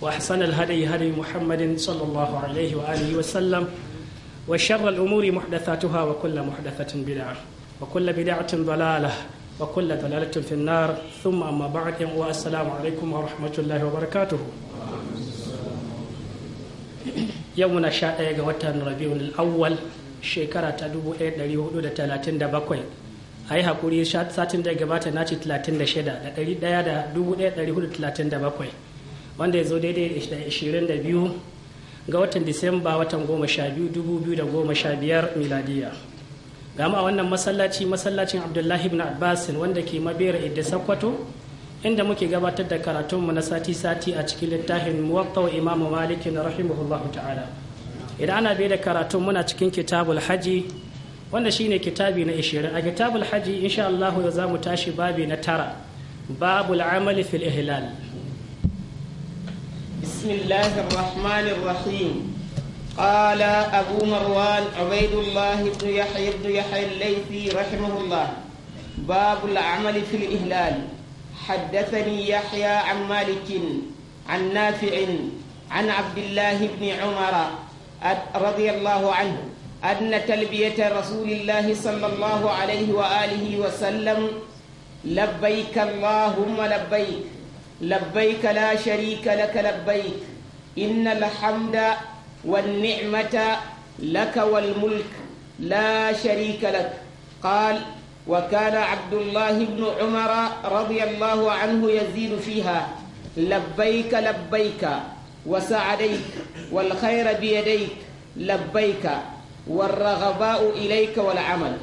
وأحسن الهدي هدي محمد صلى الله عليه وآله وسلم وشر الأمور محدثاتها وكل محدثة بدعة وكل بدعة ضلالة وكل ضلالة في النار ثم أما بعد والسلام عليكم ورحمة الله وبركاته يومنا شاء وتن ربيع الأول shekara ta 1437 a yi haƙuri satin da gabata na ce 36 da 1437 wanda ya zo daidai da 22 ga watan disamba watan 12 2015 miladiya gama a wannan masallaci masallacin abdullahi ibn abbas wanda ke mabera idda sakwato inda muke gabatar da karatunmu na sati-sati a cikin littafin muwatta wa imamu malikin rahimahullahu ta'ala idan ana bai da karatun muna cikin kitabul haji wanda shine kitabi na ishirin a kitabul haji insha Allah za mu tashi babi na tara babul amali fil ihlal بسم الله الرحمن الرحيم قال أبو مروان عبيد الله بن يحيى بن يحيى الليثي رحمه الله باب العمل في الإهلال حدثني يحيى عن مالك عن نافع عن عبد الله بن عمر رضي الله عنه أن تلبية رسول الله صلى الله عليه وآله وسلم لبيك اللهم لبيك لبيك لا شريك لك لبيك إن الحمد والنعمة لك والملك لا شريك لك قال وكان عبد الله بن عمر رضي الله عنه يزيد فيها لبيك لبيك وسعديك والخير بيديك لبيك والرغباء إليك والعمل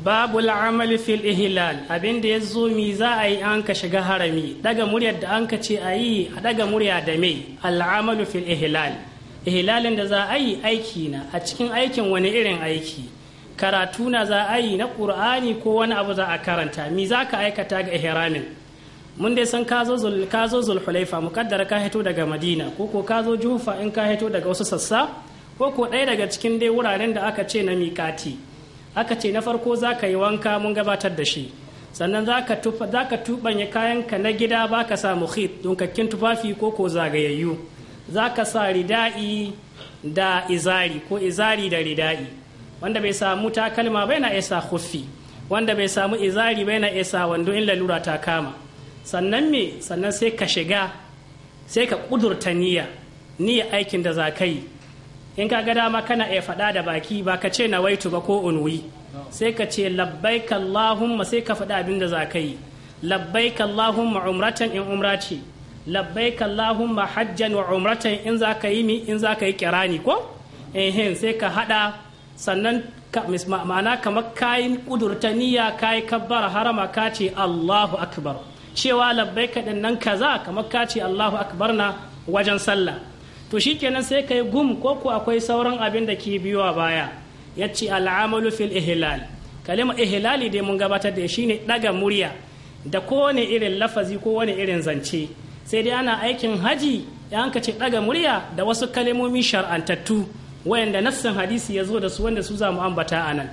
babu la'amali fil ihlal da ya zo mi za a yi an ka shiga harami daga muryar da an ka ce a yi a daga murya da mai al'amalu fil ihlal ihlalin da za a yi aiki na a cikin aikin wani irin aiki karatu na za a yi na qur'ani ko wani abu za a karanta mi za ka aikata ga ihramin mun dai san ka zo zulhulaifa mukaddara ka hito daga madina ko ko ka zo jufa in ka hito daga wasu sassa ko ko ɗaya daga cikin dai wuraren da aka ce na miƙati aka ce na farko za ka yi wanka mun gabatar da shi sannan za ka kayan kayanka na gida ba ka sa muhit dunkakkin tufafi ko ko zagayayyu za ka sa rida'i da izari ko izari da rida'i wanda bai samu takalma bai na isa huffi wanda bai samu izari bai na isa wando in lalura ta kama sannan me sannan sai ka shiga sai ka ƙudurta niyya niyya aikin da za ka yi in ka ga dama kana iya faɗa da baki ba ka ce na waitu ba ko unwi sai ka ce labbaik allahumma sai ka faɗa abin da za ka yi labbaik allahumma umratan in umra ce labbaik allahumma hajjan wa umratan in za ka yi mi in za ka yi kirani ko ehin sai ka haɗa sannan ma'ana kamar kayan kudurta niyya kayi kabbar harama ka ce allahu akbar cewa labbai kaɗan nan kaza kamar ka ce allahu akbar na wajen sallah to shi shikenan sai kai gum ko ku akwai sauran abin da ke biyo a baya yace al'amalu fil ihlal kalima ihlali dai mun gabatar da shine daga murya da kowane irin lafazi ko wani irin zance sai dai ana aikin haji ya anka ce daga murya da wasu kalimomi shar'antattu wayanda nassan hadisi ya zo da su wanda su za mu ambata anan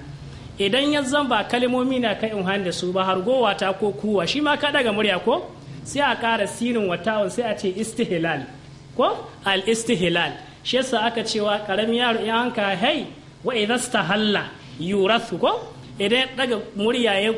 idan ya zan ba kalimomi na kai in da su ba har gowata ko kuwa shi ma ka daga murya ko sai a ƙara sinin watawan sai a ce istihlal ko al istihlal shi yasa aka cewa karamin yaro in anka hey wa idza stahalla yurathu ko idan daga murya ya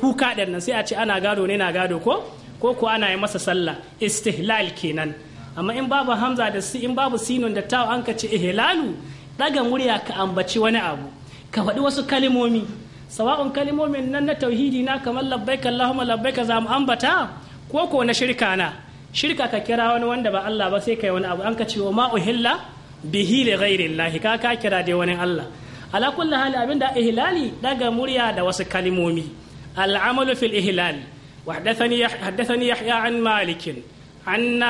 kuka din nan sai a ce ana gado ne na gado ko ko ko ana yi masa sallah istihlal kenan amma in babu hamza da si in babu sinun da tawo anka ce ihlalu daga murya ka ambaci wani abu ka faɗi wasu kalimomi sawa'un kalimomin nan na tauhidi na kamar labbaika allahumma labbaika za mu ambata ko ko na shirka na shirka ka kira wani wanda ba Allah ba sai kai wani abu an ka ce wa ma uhilla bihi li ghairillahi ka ka kira dai wani Allah ala kulli hali abinda ihlali daga murya da wasu kalimomi al'amalu fil ihlal وحدثني حدثني يحيى عن an عن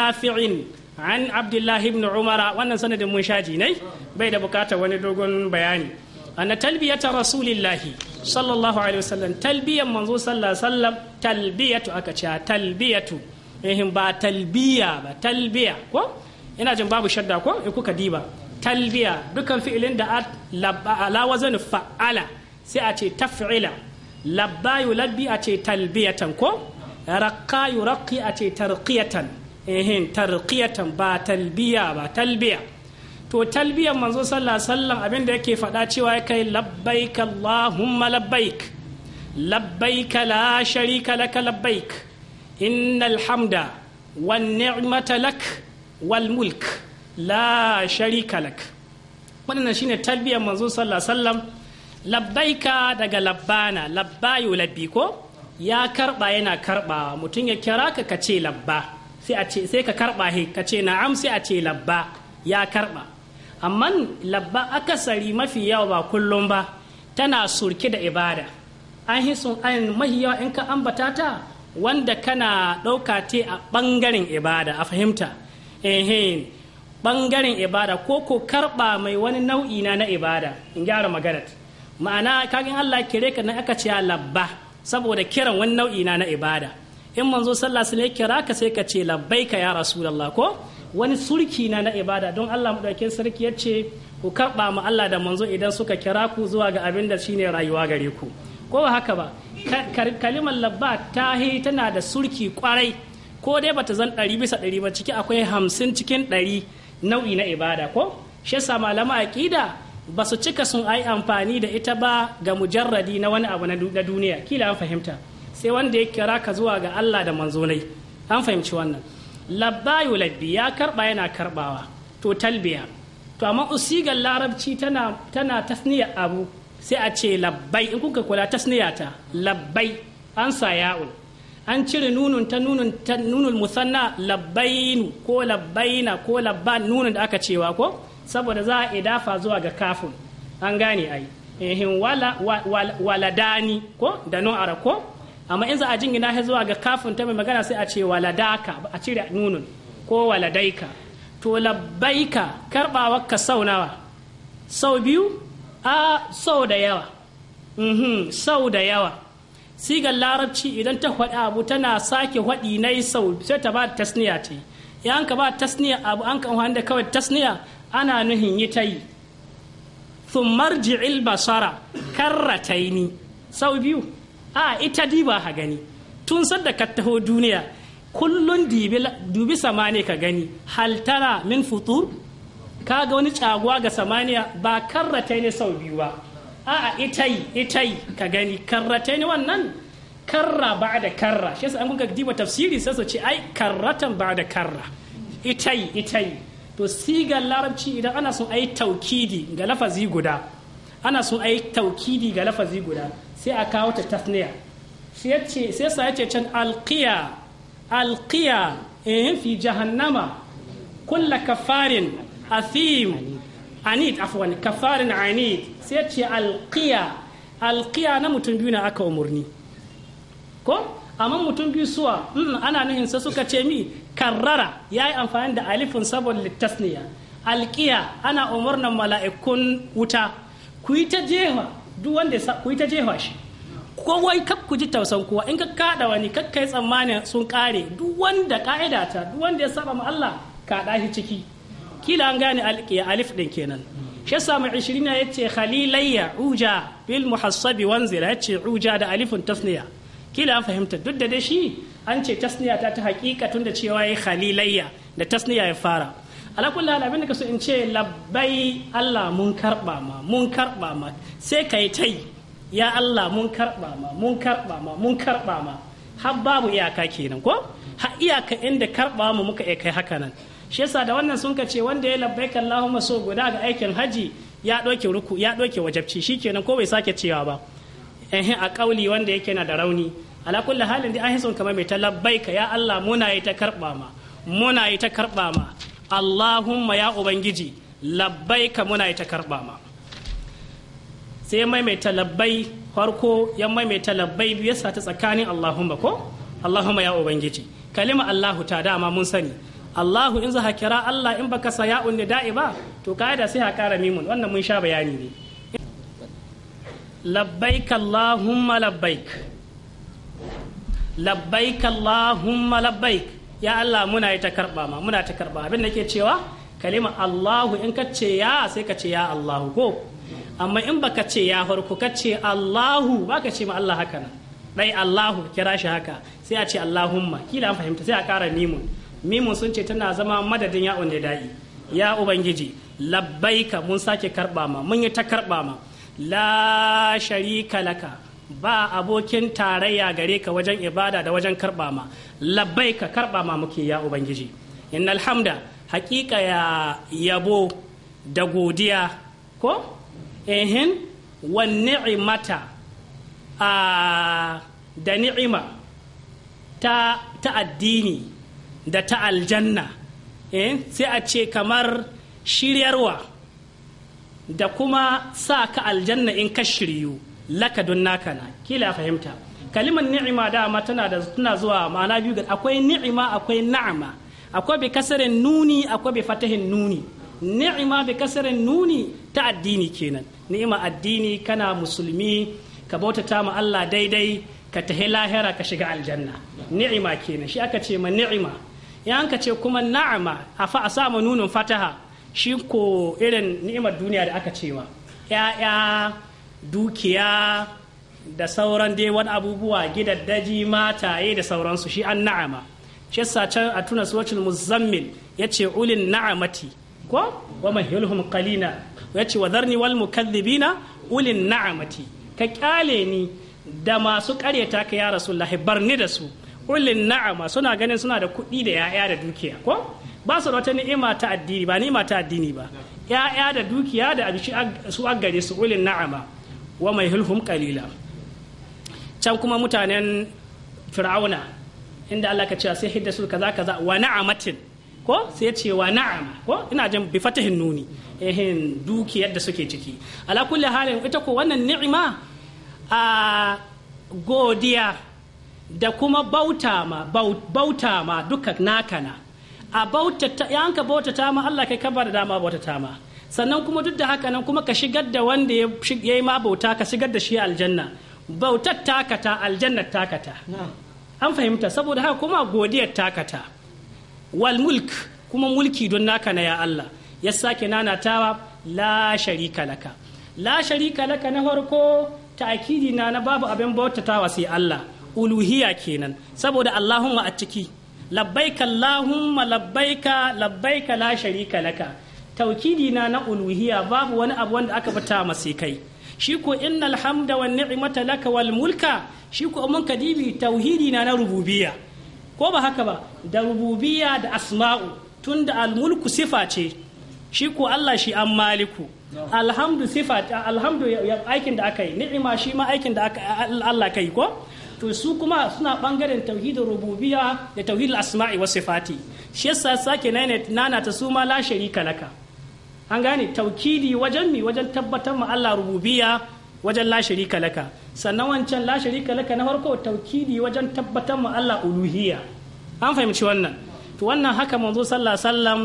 an عن umara wannan sanadin mun shaji ne bai da bukatar wani dogon bayani anna talbiyata rasulillahi sallallahu alaihi wasallam talbiyan manzo sallallahu alaihi wasallam talbiyatu aka ce talbiyatu ehin ba talbiya ba talbiya ko ina jin babu shadda ko in kuka diba talbiya dukan fi'ilin da ala wazan fa'ala sai a ce taf'ila labba yulabbi a ce talbiyatan ko raqqa yuraqqi a ce tarqiyatan ehin tarqiyatan ba talbiya ba talbiya to talbiyan manzo sallallahu alaihi wasallam abin da yake faɗa cewa ya kai labbaik allahumma labbaik labbaik la sharika laka labbaik innal hamda wan ni'mata lak wal mulk la sharika lak wannan shine talbiyar manzo sallallahu alaihi wasallam labbaika daga labbana labbayu labbi ko ya karba yana karba mutum ya kira ka ka ce labba sai a ce sai ka karba he ka ce na'am sai a ce labba ya karba amma labba akasari mafi yawa ba kullum ba tana surke da ibada an hisun an mahi yawa in ka ambata ta wanda kana ɗauka te a ɓangaren ibada a fahimta ehen ɓangaren ibada ko ko karɓa mai wani nau'i na na ibada in gyara maganar ma'ana kagin Allah kire ka na aka ce labba saboda kiran wani nau'i na na ibada in manzo sallah ya kira ka sai ka ce ka ya rasulullah ko wani surki na na ibada don Allah madaukakin sarki ya ce ku karɓa ma Allah da manzo idan suka kira ku zuwa ga abin da shine rayuwa gare ku ko ba haka ba kalimar labba ta tana da surki kwarai ko dai bata zan ɗari bisa ɗari ba ciki akwai hamsin cikin ɗari nau'i na ibada ko shi yasa malama aƙida ba su cika sun ai amfani da ita ba ga mujarradi na wani abu na duniya kila an fahimta sai wanda ya kira ka zuwa ga Allah da manzonai an fahimci wannan labbayu labbi ya karba yana karɓawa. to talbiya to amma usigar larabci tana tana tasniyar abu sai a ce labbai in kuka kula tasniya ta labbai an sa ya'ul an cire nunun ta nunun ta nunul musanna labbainu ko labbaina ko labban nunun da aka cewa ko saboda za a idafa zuwa ga kafin an gane ai ehin wala waladani ko da nun ara ko amma in za a jingina shi zuwa ga kafin ta mai magana sai a ce waladaka a cire nunun ko waladaika to labbaika karbawa ka sau nawa sau biyu a sau da yawa mhm, sau da yawa sigar larabci idan ta faɗi abu tana sake faɗi na yi sau sai ta ba tasniya ta yi an ka ba tasniya abu an kan wanda kawai tasniya ana nuhin yi ta yi thummar ji'il basara karrataini sau biyu a ita diba ha gani tun da ka taho duniya kullum dubi sama ne ka gani hal tana min futur kaga wani caguwa ga samaniya ba karratai ne sau biyu ba a'a itai itai ka gani karratai ne wannan karra ba da karra shi yasa an kuka diba tafsiri sai su ce ai karratan ba da karra itai itai to sigar larabci idan ana son ayi taukidi ga lafazi guda ana son ayi taukidi ga lafazi guda sai a kawo ta tasniya sai sa yace can alqiya alqiya eh fi jahannama kulla kafarin athim anid afwan kafarin anid sai ce alkiya alqiya na mutum biyu na aka umarni ko amma mutum biyu suwa ana nuhin sa suka ce mi karrara yayi amfani da alifin saboda littasniya alkiya ana umurnan mala'ikun wuta ku yi ta jefa duk wanda ku yi ta jefa shi kowai kak ku ji tausan kowa in ka kada wani kak tsammanin sun kare duk wanda ka'ida ta duk wanda ya saba ma Allah kada shi ciki kila an gane alif din kenan shi yasa mai ishirina ya ce khalilayya uja bil muhassabi wanzila ya ce uja da alifin tasniya kila an fahimta duk da dashi an ce tasniya ta ta hakika tun da cewa ya khalilayya da tasniya ya fara ala kulli abin da kaso in ce labbai Allah mun karba ma mun karba ma sai kai tai ya Allah mun karba ma mun karba ma mun karba ma har babu iyaka kenan ko har iyaka inda karba mu muka kai haka nan shi yasa da wannan sun ce wanda ya labbai Allahumma so guda ga aikin haji ya doke ruku ya doke wajabci shikenan ko bai sake cewa ba eh a kauli wanda yake na da rauni ala kulli halin dai an kamar mai ta labbaika ya Allah muna yi ta karba ma muna yi ta karba ma Allahumma ya ubangiji labbaika muna yi ta karba ma sai maimaita labbai farko ya mai labbai biyu ya ta tsakanin Allahumma ko Allahumma ya ubangiji kalima Allahu ta dama mun sani Allahu in za kira Allah in baka sa ya'un da'i ba to kaida sai ha kara mimun wannan mun sha bayani ne labbaik Allahumma labbaik labbaik Allahumma labbaik ya Allah muna yi ta karba ma muna ta karba abin da ke cewa kalima Allahu in ka ce ya sai ka ce ya Allahu ko amma in baka ce ya farko ka ce Allahu baka ce ma Allah haka nan dai Allahu kira shi haka sai a ce Allahumma kila an fahimta sai a kara mimun mimun sun ce tana zama madadin ya'un da da'i ya ubangiji labbaika mun sake karba ma mun yi ta karba ma la sharika laka ba abokin tarayya gare ka wajen ibada da wajen karba ma labbaika karba ma muke ya ubangiji innal hamda hakika ya yabo da godiya ko ehin wa ni'imata a ah, da ni'ima ta addini da ta aljanna eh, sai a ce kamar shiryarwa da kuma sa ka aljanna in ka shiryu laka don naka na kila fahimta kalimar ni'ima dama tana da tana zuwa ma'ana biyu ga akwai ni'ima akwai na'ama akwai bi kasarin nuni akwai bi fatahin nuni ni'ima bi kasarin nuni ta addini kenan ni'ima addini kana musulmi ka bautata ma Allah daidai ka tahi lahira ka shiga aljanna ni'ima kenan shi aka ce ma ni'ima in ka ce kuma na'ama a fa a samu nunin fataha shi ko irin ni'imar duniya da aka cewa ya'ya dukiya da sauran dai wani abubuwa gidaddaji mataye da sauransu shi an na'ama shi yasa can a tuna suwacin muzammil ce ulin na'amati ko wa mahyulhum qalina ce wa dharni wal mukaththibina ulin na'amati ka kyale ni da masu karyata ka ya rasulullahi barni da su ulin na'ama suna ganin suna da kuɗi da ya'ya da dukiya ko ba su da wata ni'ima ta addini ba ni'ima ta addini ba ya'ya da dukiya da abishi su aggare su ulin na'ama wa mai hulhum kalila can kuma mutanen fir'auna inda Allah ka cewa sai hidda su kaza kaza wa na'amatin ko sai ya ce wa na'ama ko ina jin bi fatahin nuni ehin dukiyar da suke ciki ala kulli halin ita ko wannan ni'ima a ah, godiya da kuma bauta ma bauta ma duka naka na a bauta yan ka bauta ta ma Allah kai ka ba da dama bauta ta ma sannan kuma duk da haka nan kuma ka shigar da wanda ya yi ma bauta ka shigar da shi aljanna bautar takata aljannar takata an fahimta saboda haka kuma godiyar takata wal mulk kuma mulki don naka na ya Allah ya sake nanatawa la sharika laka la sharika laka na farko ta'kidi na na babu abin bautatawa sai Allah uluhiya kenan saboda Allahumma a ciki labbaika Allahumma labbaika labbaika la sharika laka taukidi na na uluhiya babu wani abu wanda aka fita masai kai shi ko innal hamda wan ni'mata laka wal mulka shi ko mun kadibi tauhidi na na rububiya. ko ba haka ba da rububiya da asma'u tunda al mulku sifa ce shi ko Allah shi an maliku alhamdu sifa alhamdu aikin da aka yi ni'ima shi ma aikin da aka Allah kai ko to su kuma suna bangaren tauhidin Rububiya da Tauhidin asma'i wa sifati shi yasa sake nana ta su ma la sharika laka an gane taukidi wajen mi wajen tabbatar ma Allah Rububiya wajen la sharika laka sannan wancan la sharika laka na farko taukidi wajen tabbatar ma Allah uluhiyya an fahimci wannan to wannan haka manzo sallallahu alaihi wasallam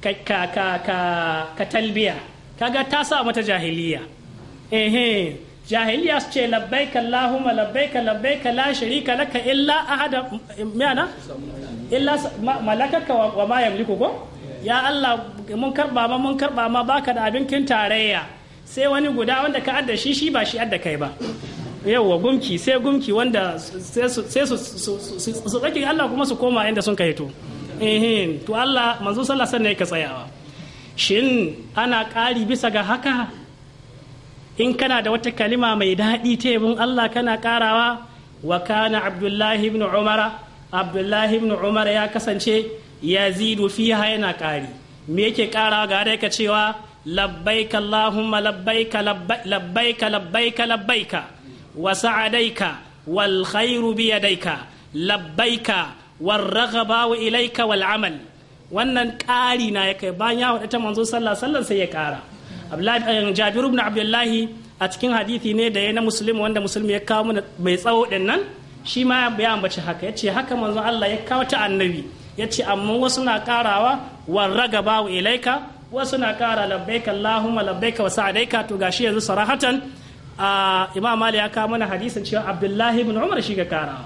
ka ka ka ka talbiya kaga ta sa mata jahiliya ehe jahiliya su ce labbaika Allahumma labbaika labbaika la sharika laka illa ahada miyana illa malakaka wa ma yamliku ko ya Allah mun karba ma mun karba ma baka da abin kin tarayya sai wani guda wanda ka adda shi shi ba shi adda kai ba yawwa gumki sai gumki wanda sai su tsaki Allah kuma su koma inda sun kai to to Allah manzo sallallahu alaihi wasallam ne ka tsayawa shin ana ƙari bisa ga haka in kana da wata kalima mai daɗi ta yabon Allah kana karawa wa kana abdullahi ibn umara abdullahi ibn umar ya kasance ya yazidu fiha yana ƙari me yake karawa ga ka cewa labbaika allahumma labbaika labbaika labbaika labbaika wa sa'adaika wal khairu bi yadaika labbaika war raghaba ilaika wal amal wannan ƙari na ya kai bayan ya wadata manzo alaihi wasallam sai ya ƙara Eh, Jabiru ibn Abdullahi a cikin hadithi ne da ya na musulmi wanda musulmi ya kawo mana mai tsawo din nan shi ma ya ambaci haka ya ce haka manzon Allah ya kawo ta annabi ya ce amma wasu na karawa wa ragaba wa ilaika wasu na kara labbaika Allahumma labbaika wa sa'adaika to gashi yanzu sarahatan Imam Mali ya kawo mana hadisin cewa Abdullahi ibn Umar shi ga karawa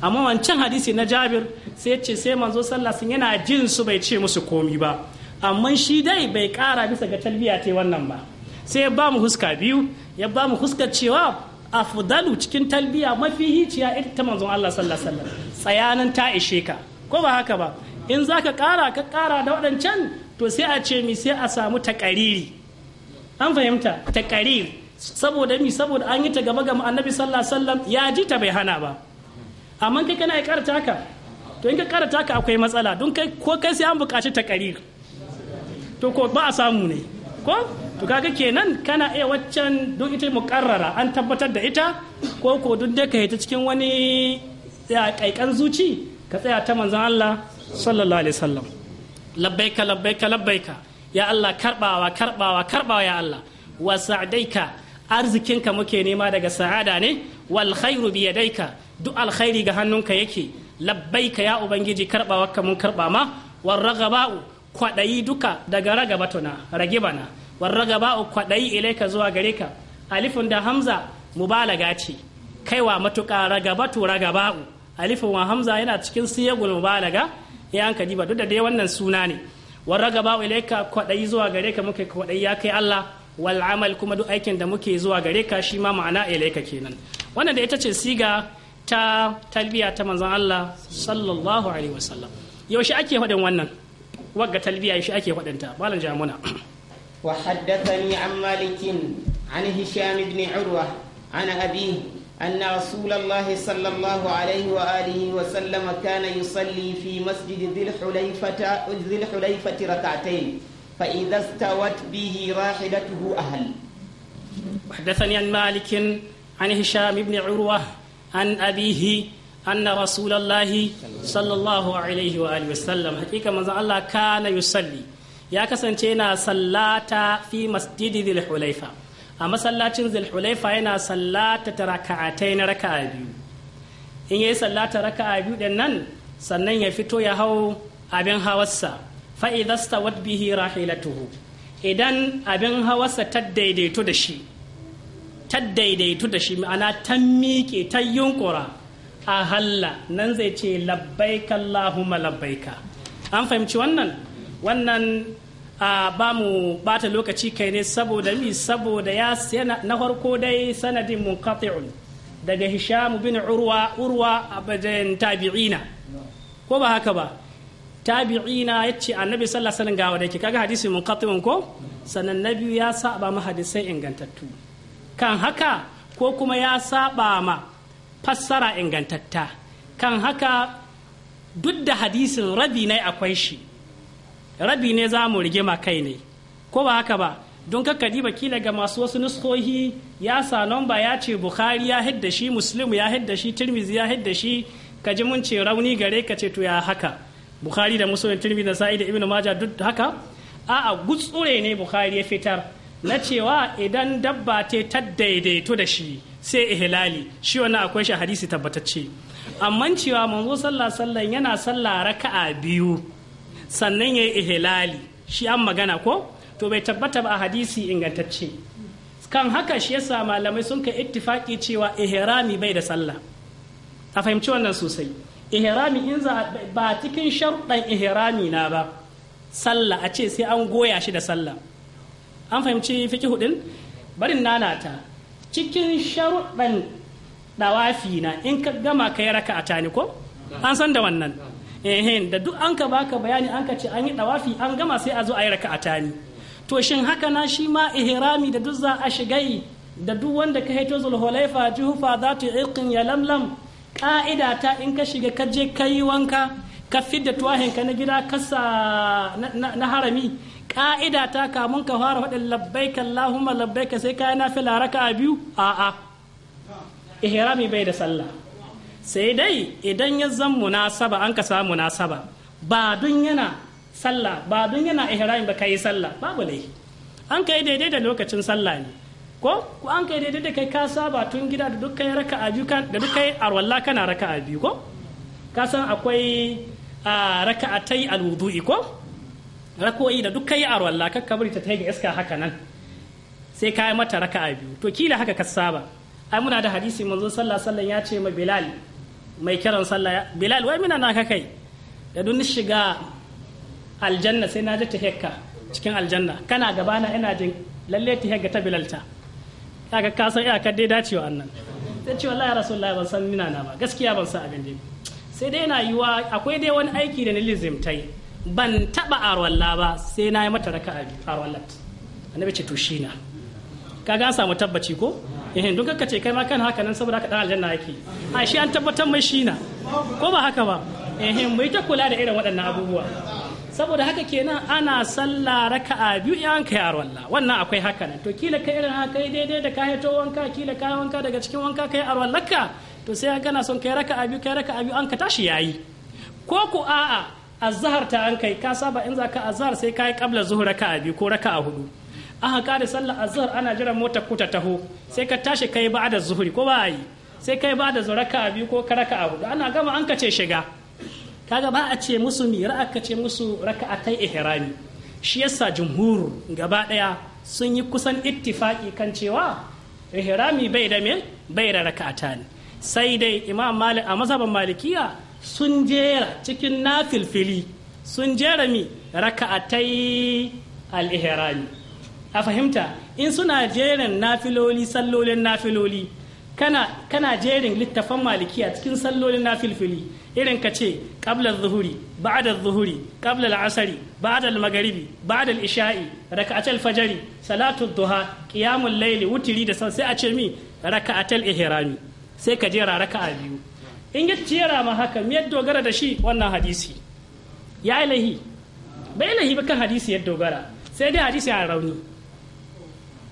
amma wancan hadisi na Jabir sai ya ce sai manzo sallah sun yana jin su bai ce musu komi ba amma shi dai bai ƙara bisa ga talbiya ta wannan ba sai ya ba mu huska biyu ya ba mu huskar cewa afdalu cikin talbiya mafi hiciya ita ta manzon Allah sallallahu alaihi wasallam tsayanin ta ishe ka ko ba haka ba in zaka kara ka kara da waɗancan to sai a ce mi sai a samu takariri an fahimta takariri saboda mi saboda an yi ta gaba ga annabi sallallahu alaihi wasallam ya ji ta bai hana ba amma kai kana ya karata ka to in ka karata ka akwai matsala don kai ko kai sai an buƙaci takariri to ko ba a samu ne ko to kaga kenan kana iya waccan don ita mu karrara an tabbatar da ita ko ko duk da ka ta cikin wani kaikan zuci ka tsaya ta manzon Allah sallallahu alaihi wasallam labbaika labbaika labbaika ya Allah karbawa karbawa karbawa ya Allah wa sa'daika arzikinka muke nema daga sa'ada ne wal khairu bi yadaika duk alkhairi ga hannunka yake labbaika ya ubangiji ka mun karba ma war ragaba'u kwaɗayi duka daga ragaba tuna rage bana war ragaba kwaɗayi ilaika zuwa gare ka alifin da hamza mubalaga ce kaiwa matuƙa ragaba u alifin wa hamza yana cikin siyagul mubalaga ya an ba duk da dai wannan suna ne war ile ka kwaɗayi zuwa gare ka muke kwaɗayi ya kai Allah wal amal kuma duk aikin da muke zuwa gare ka shi ma ma'ana ilaika kenan wannan da ita ce siga ta talbiya ta manzon Allah sallallahu alaihi wasallam yaushe ake faɗin wannan wagga talbiya shi ake faɗinta malam jamuna wa haddathani an malikin an hisham ibn urwa an abi أن رسول الله صلى الله عليه وآله وسلم كان يصلي في مسجد ذي الحليفة ذي الحليفة ركعتين فإذا استوت به راحلته أهل حدثني عن مالك عن هشام بن عروة عن أبيه anna rasulullahi sallallahu alaihi wa alihi wasallam hakika manzon Allah kana yusalli ya kasance yana sallata fi masjidi dhul hulaifa a masallacin dhul hulaifa yana sallata raka'atai na raka'a biyu in yayi sallata raka'a biyu din nan sannan ya fito ya hau abin hawarsa fa idasta wat bihi rahilatuhu idan abin hawarsa ta daidaito da shi ta daidaito da shi ma'ana ta miƙe ta yunkura A halla nan zai ce labbaika Allahumma labbaika an fahimci wannan wannan a ba mu bata lokaci kai ne saboda mi saboda ya na farko dai sanadin munqati'un daga Hishamu bin Urwa Urwa tabi'ina ko ba haka ba tabi'ina yace annabi sallallahu alaihi wasallam ga wanda kaga hadisi munqati'un ko sannan na biyu ya saba ma hadisai ingantattu kan haka ko kuma ya saba ma fassara ingantatta kan haka duk da hadisin rabi ne akwai shi rabi ne za mu rigima kai ne ko ba haka ba don kakka diba kila ga masu wasu nuskohi ya sa nomba ya ce bukhari ya hidda shi muslim ya hidda shi tirmizi ya hidda shi ka ji mun ce rauni gare ka ce to ya haka bukhari da muslim tirmizi da sa'id da ibnu majah duk haka a'a gutsure ne bukhari ya fitar na cewa idan dabba ce ta daidaito da shi sai ihlali shi wani akwai shi hadisi tabbatacce amma cewa manzo sallah sallan yana sallah raka'a biyu sannan yayi ihlali shi an magana ko to bai tabbata ba a hadisi ingantacce kan haka shi yasa malamai sun kai ittifaki cewa ihrami bai da sallah a fahimci wannan sosai ihrami in za ba cikin sharuɗan ihrami na ba sallah a ce sai an goya shi da sallah an fahimci fikihu din barin nanata cikin sharuɗan dawafi na in ka gama ka yi raka a tani ko an san da wannan da duk an ka baka bayani an ka ce an yi dawafi an gama sai a zo a yi raka a tani to shin haka na shi ma ihrami da duk za a yi da duk wanda ka haito zulhulaifa juhufa za ta irkin ya lamlam ka'ida ta in ka shiga ka je ka yi wanka ka fidda tuwahinka na gida kasa na harami ka'ida ta kamun ka fara faɗin lahuma labbai ka sai na fila raka a biyu a'a ihrami bai da sallah sai dai idan ya zan munasaba an ka samu munasaba ba dun yana sallah ba dun yana ihrami ba kai sallah babu an kai daidai da lokacin sallah ne ko ko an kai daidai da kai ka saba tun gida da dukkan a biyu da dukkan arwalla kana raka a biyu ko ka san akwai a ah, raka'atai alwudu'i ko rako'i da duk kai arwalla kakka bari ta ga iska haka nan sai ka yi mata raka'a biyu to kila haka ka saba ai muna da hadisi manzon sallah sallan ya ce ma bilal mai kiran sallah bilal wai mina na kai da dun shiga aljanna sai na ji ta hekka cikin aljanna kana gabana ina jin lalle ta hekka ta bilalta kaga ka san iyakar dai dacewa annan sai ce wallahi rasulullahi ban san mina na ba gaskiya ban san abin dai sai dai na yiwa akwai dai wani aiki da nilism tai ban taba arwalla ba sai na yi mata raka a arwallat annabi ce to shi na kaga an samu tabbaci ko eh duk ka ce kai ma kan haka nan saboda ka dan aljanna yake a shi an tabbatar mai shi na ko ba haka ba eh mu yi ta kula da irin waɗannan abubuwa saboda haka kenan ana sallah raka'a biyu in an kai arwalla wannan akwai haka nan to kila kai irin haka daidai da ka to wanka kila ka wanka daga cikin wanka kai arwallaka to sai kana son kai raka'a biyu kai raka'a biyu an ka tashi yayi ko ku a'a azhar ta an kai ka saba in zaka azhar sai kai kabla zuhur raka'a biyu ko raka'a hudu aka kare sallar azhar ana jiran mota kuta taho sai ka tashi kai ba da zuhuri ko ba yi sai kai ba da zuhur raka'a biyu ko raka'a hudu ana gama an kace shiga kaga ba a ce musu mi ra'a ka ce musu raka'atai ihrami shi yasa jumhur gaba daya sun yi kusan ittifaki kan cewa ihrami bai da me bai da raka'ata ne sai dai imam malik a mazhaban malikiya sun jera cikin nafilfili sun jera mi raka'atai al-ihrami a fahimta in suna jerin nafiloli sallolin nafiloli kana kana jerin littafan malikiya cikin sallolin nafilfili irin ka ce qabla zuhuri ba'da zuhuri qabla al-asri ba'da al ba'da al-isha'i raka'atul fajri salatu duha qiyamul layli wutiri da sai a ce mi ihrami sai ka jera raka'a biyu in ya jera ma haka me ya dogara da shi wannan hadisi ya ilahi bai ilahi ba kan hadisi ya dogara sai dai hadisi ya rauni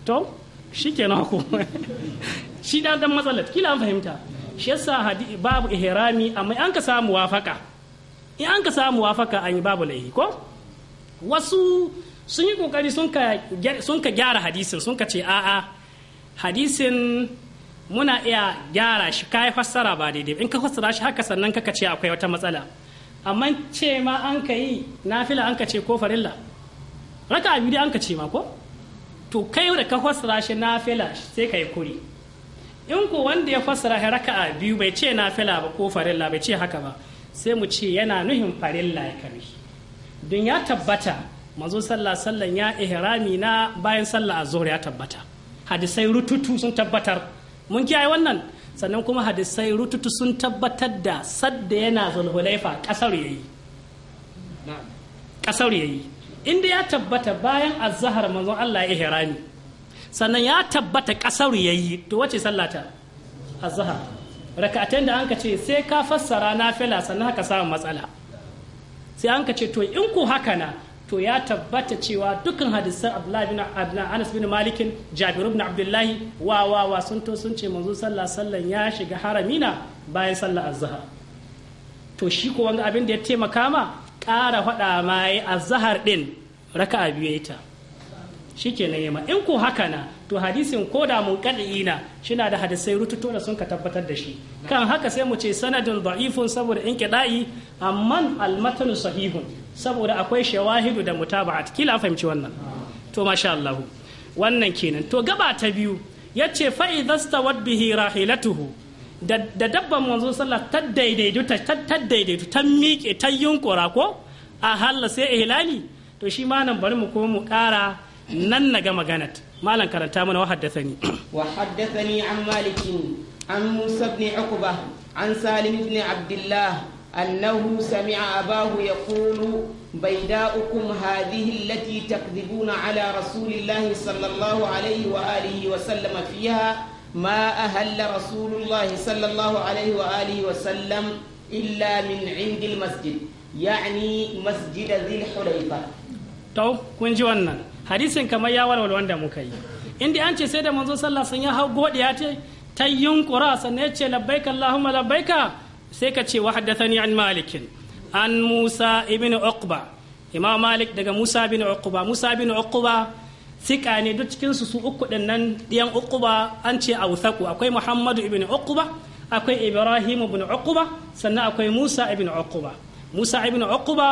to shi kenan ku shi da dan matsalar kila an fahimta shi yasa babu ihrami amma an ka samu wafaka in an ka samu wafaka an yi babu laihi ko wasu sun yi kokari sun ka gyara hadisin sun ka ce a'a hadisin muna iya gyara shi kai fassara ba daidai in ka fassara shi haka sannan kaka ce akwai wata matsala amma ce ma an ka yi fila an ka ce ko farilla raka biyu an ka ce ma ko to kai da ka fassara shi fila sai ka yi kuri in ko wanda ya fassara shi raka biyu bai ce fila ba ko farilla bai ce haka ba sai mu ce yana nuhin farilla ya kare don ya tabbata manzo sallah sallan ya ihrami na bayan sallah a zuhur ya tabbata hadisai rututu sun tabbatar mun kiyaye wannan sannan kuma hadisai rututu sun tabbatar da sadda yana zulhulaifa kasar yayi kasar yayi inda ya tabbata bayan azhar manzo Allah ya ihrami sannan ya tabbata kasar yayi to wace sallata azhar raka'atain da anka ce sai ka fassara nafila sannan haka samu matsala sai anka ce to in ku haka na to ya tabbata cewa dukkan hadisan Abdullahi bin Anas bin malikin Jabir ibn Abdullahi wa wa wa sun to sun ce manzo sallah sallan ya shiga haramina bayan sallah azhar to shi ko wanga abin da ya taimaka ma ƙara faɗa ma azhar din raka'a biyu ita shikenan yamma in ko haka na to hadisin ko da mun na shina da hadisai rututu da sun ka tabbatar da shi kan haka sai mu ce sanadin da'ifun saboda in kida'i amma almatan sahihun saboda akwai shawahidu da mutaba'at kila fahimci wannan to masha Allah wannan kenan to gaba ta biyu yace fa idastawat bihi rahilatuhu da dabban manzo sallah ta daidaitu ta daidaitu ta miƙe ta yunkura ko a halla sai ihlali to shi ma nan bari mu ko mu ƙara nan na gama ganat malam karanta mana wa haddathani wa haddathani an maliki, an musa ibn ukba an salim ibn abdullah annahu sami'a abahu yaqulu baida'ukum hadhihi allati takdhibuna ala rasulillahi sallallahu alayhi wa alihi wa sallam fiha ما أهل رسول الله صلى الله عليه وآله وسلم إلا من عند المسجد يعني مسجد ذي الحليفة تو كنجي hadisin kamar ya walwal wanda muka yi inda an ce sai da manzo sallah sun ya hau godiya ce ta yunkura sannan ya ce labbaika allahumma labbaika sai ka ce wa haddathani an malikin an musa ibn uqba imam malik daga musa ibn uqba musa bin uqba sika ne duk cikin su su uku din nan diyan uqba an ce awthaku akwai muhammadu ibn uqba akwai ibrahim ibn uqba sannan akwai musa ibn uqba musa ibn uqba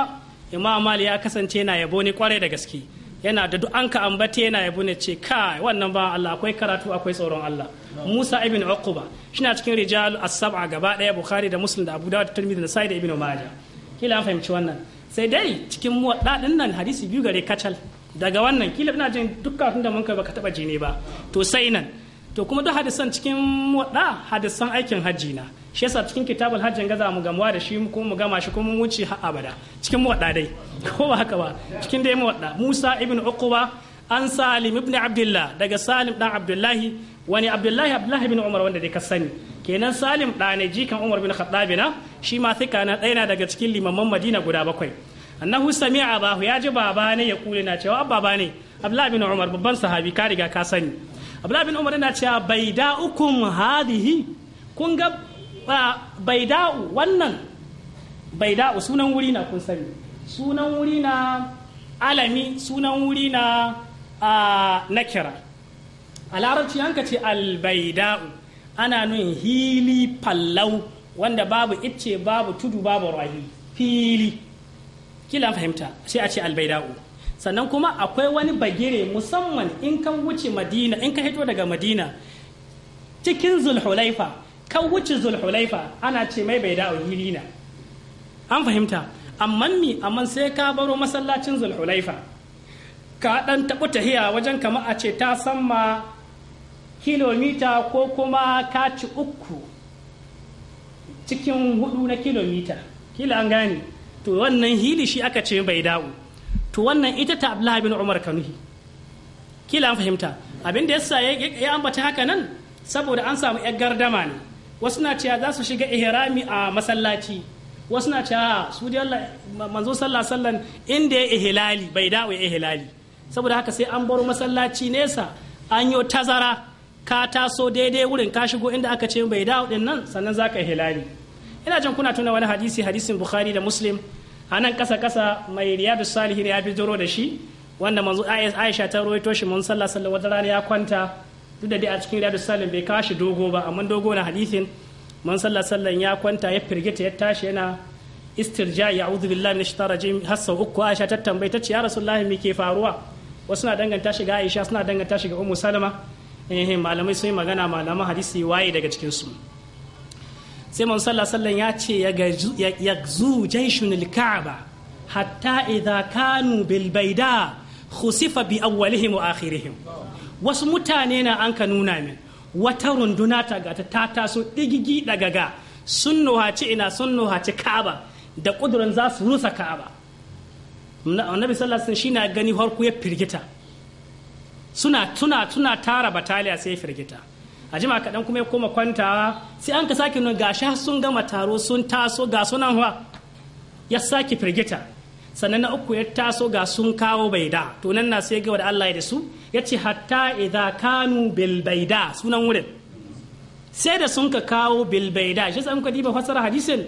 imam malik ya kasance na yabo ne kwarai da gaske yana da duk an ka ambata yana yabo ne ce kai wannan ba Allah akwai karatu akwai tsoron Allah Musa ibn Uqba na cikin rijal as-sab'a gaba daya Bukhari da Muslim da Abu Dawud da Tirmidhi da Sa'id Ibn Majah kila an fahimci wannan sai dai cikin muwadda din nan hadisi biyu gare kacal daga wannan kila ina jin duk kafin da mun kai baka taba jini ba to sai nan to kuma duk hadisan cikin waɗa hadisan aikin hajji na shi yasa cikin kitabul hajjin gaza mu gamuwa da shi kuma mu gama shi kuma mu wuce har abada cikin waɗa dai ko ba haka ba cikin dai mu waɗa Musa ibn Uqba an Salim ibn Abdullah daga Salim dan Abdullahi wani Abdullahi Abdullahi ibn Umar wanda dai ka sani kenan Salim da ne jikan Umar bin Khattab na shi ma thika na ɗaya daga cikin limaman Madina guda bakwai annahu sami'a bahu ya ji baba ne ya kule na cewa abba ne Abdullahi ibn Umar babban sahabi ka riga ka sani abdullahi bin umar yana cewa bai da'ukum hadihi kun ga bai da'u wannan bai da'u sunan wuri na kun sani sunan wuri na alami sunan wuri na nakira a larabci yanka ce albaida'u ana nun hili fallau wanda babu icce babu tudu babu rahi fili kila fahimta sai a ce albaida'u sannan kuma akwai wani bagire musamman in kan wuce madina in ka hito daga madina cikin zulhulaifa kan wuce zulhulaifa ana ce mai bai da na an fahimta amma mi amma sai ka baro masallacin zulhulaifa ka dan taɓa tahiya wajen kama a ce ta sama kilomita ko kuma kaci uku cikin hudu na kilomita kila an gane to wannan hili shi aka ce bai da'u to wannan ita ta abdullahi bin umar kanuhi kila an fahimta abin da yasa ya ambata haka nan saboda an samu yar gardama ne wasu na cewa za su shiga ihrami a masallaci wasu na cewa su da manzo sallah sallan inda ya ihlali bai dawo ya ihlali saboda haka sai an bar masallaci nesa an yi tazara ka taso daidai wurin ka shigo inda aka ce bai dawo din nan sannan zaka ihlali ina jin kuna tuna wani hadisi hadisin bukhari da muslim A nan kasa kasa mai riyadu salihin ya zoro da shi wanda manzo aisha ta rawaito shi mun sallah sallah wata rana ya kwanta duk da dai a cikin riyadu salihin bai kawo shi dogo ba amma dogo na hadisin mun sallah sallah ya kwanta ya firgita ya tashi yana istirja ya a'udhu billahi minash shaitanir rajim uku aisha ta tambayi ta ce ya rasulullahi me ke faruwa wasu na danganta shi ga aisha suna danganta shi ga ummu salama eh malamai sun yi magana malaman hadisi waye daga cikin su sai man sallah sallan ya ce ya zu jaishun ka'aba hatta idza kanu bil baida khusifa bi awwalihim wa akhirihim wasu mutane na an ka nuna min wata runduna ta ga ta taso digigi daga ga sun nuhaci ina sun nuhaci ka'aba da kudurin za su rusa ka'aba annabi sallallahu alaihi wasallam shine gani harku ya firgita suna tuna tuna tara bataliya sai firgita a jima kaɗan kuma ya koma kwantawa sai an ka sake nuna gashi sun gama taro sun taso ga sunan wa ya sake firgita sannan na uku ya taso ga sun kawo baida to nan na sai gaba da Allah ya da su ya ce hatta idza kanu bil baida sunan wurin sai da sun ka kawo bil baida shi sai muka diba fasara hadisin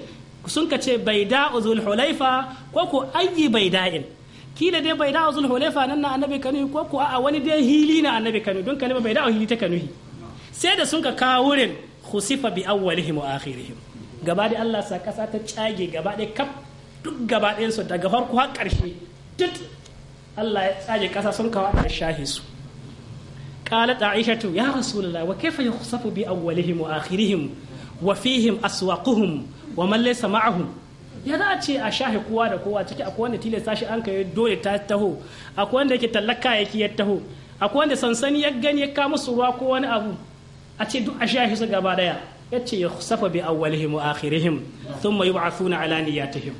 sun ka ce baida uzul hulaifa ko ko ayyi baida'in kila dai bai da'u zul hulefa nan na annabi kanu ko ko a wani dai hili na annabi kanu don kalma bai da'u hili ta kanuhi sai da sun ka kawo wurin khusifa bi awwalihim wa akhirihim gaba da Allah sa kasa ta cage gaba da kaf duk gaba ɗayan su daga farko har ƙarshe duk Allah ya tsage kasa sun kawo da shahi su qalat aishatu ya rasulullah wa kayfa yukhsafu bi awwalihim wa akhirihim wa fihim aswaquhum wa man laysa ma'ahum ya za a ce a shahi kowa da kowa ciki akwai wanda tilasta shi an kai dole ta taho akwai wanda yake tallaka yake ya taho akwai wanda sansani ya gani ya kama su ruwa ko wani abu a ce duk a sha su gaba daya ya ce ya safa bi awwalihim wa akhirihim thumma yub'athuna ala niyyatihim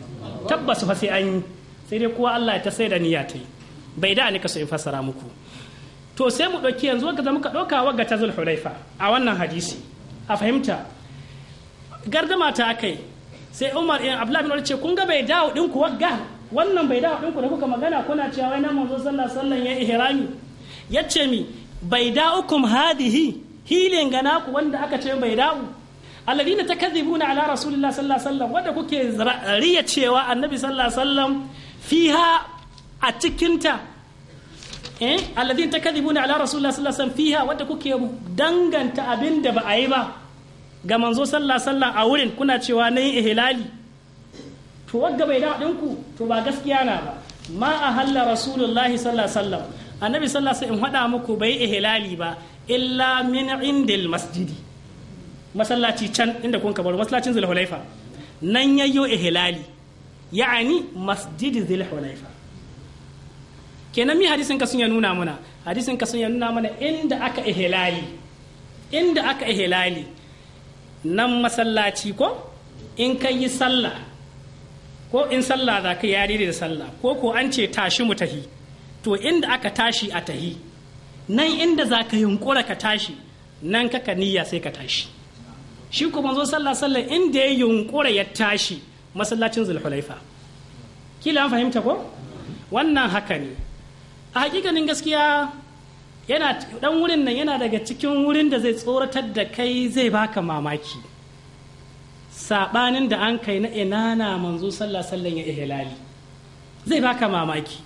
tabbas fa sai an yi sai dai kowa Allah ya ta sai da niyya ta yi bai da ni so in fassara muku to sai mu ɗauki yanzu wanda muka ɗauka wagga ta hulaifa a wannan hadisi a fahimta gardama ta kai sai umar ibn eh, abdullahi bin ce kun ga bai dawo din ku wagga wannan bai dawo din ku da kuka magana kuna cewa wai nan manzo sallallahu alaihi wasallam ya ihrami yace mi bai dawo kum hadihi Hilen gana ku wanda aka ce bai dawo alladina takadhibuna ala rasulillah sallallahu alaihi wasallam wanda kuke riya cewa annabi sallallahu alaihi wasallam fiha a cikinta eh alladina takadhibuna ala rasulillah sallallahu alaihi wasallam fiha wanda kuke danganta abin da ba a yi ba ga manzo sallallahu alaihi wasallam a wurin kuna cewa nayi ihlali to wagga bai dawo ɗinku? to ba gaskiya na ba ma a halla rasulullahi sallallahu alaihi wasallam annabi sallallahu alaihi wasallam in hada muku bai ihlali ba illa min indil masjidi masallaci can inda kun kabaru masallacin zulhulaifa nan yayyo hilali ya'ani masjidi zulhulaifa kenan mi hadisin ka sun ya nuna mana hadisin ka sun ya nuna mana inda aka hilali inda aka hilali nan masallaci ko in ka yi sallah ko in sallah za ka yari da sallah ko ko an ce tashi mu tahi to inda aka tashi a tahi nan inda za ka yunkura ka tashi nan kaka niyya sai ka tashi shi kuma zo sallah sallah inda ya yunkura ya tashi masallacin zulhulaifa kila an fahimta ko wannan haka ne a hakikanin gaskiya yana dan wurin nan yana daga cikin wurin da zai tsoratar da kai zai baka mamaki sabanin da an kai na ina na manzo sallah sallan ya ihlali zai baka mamaki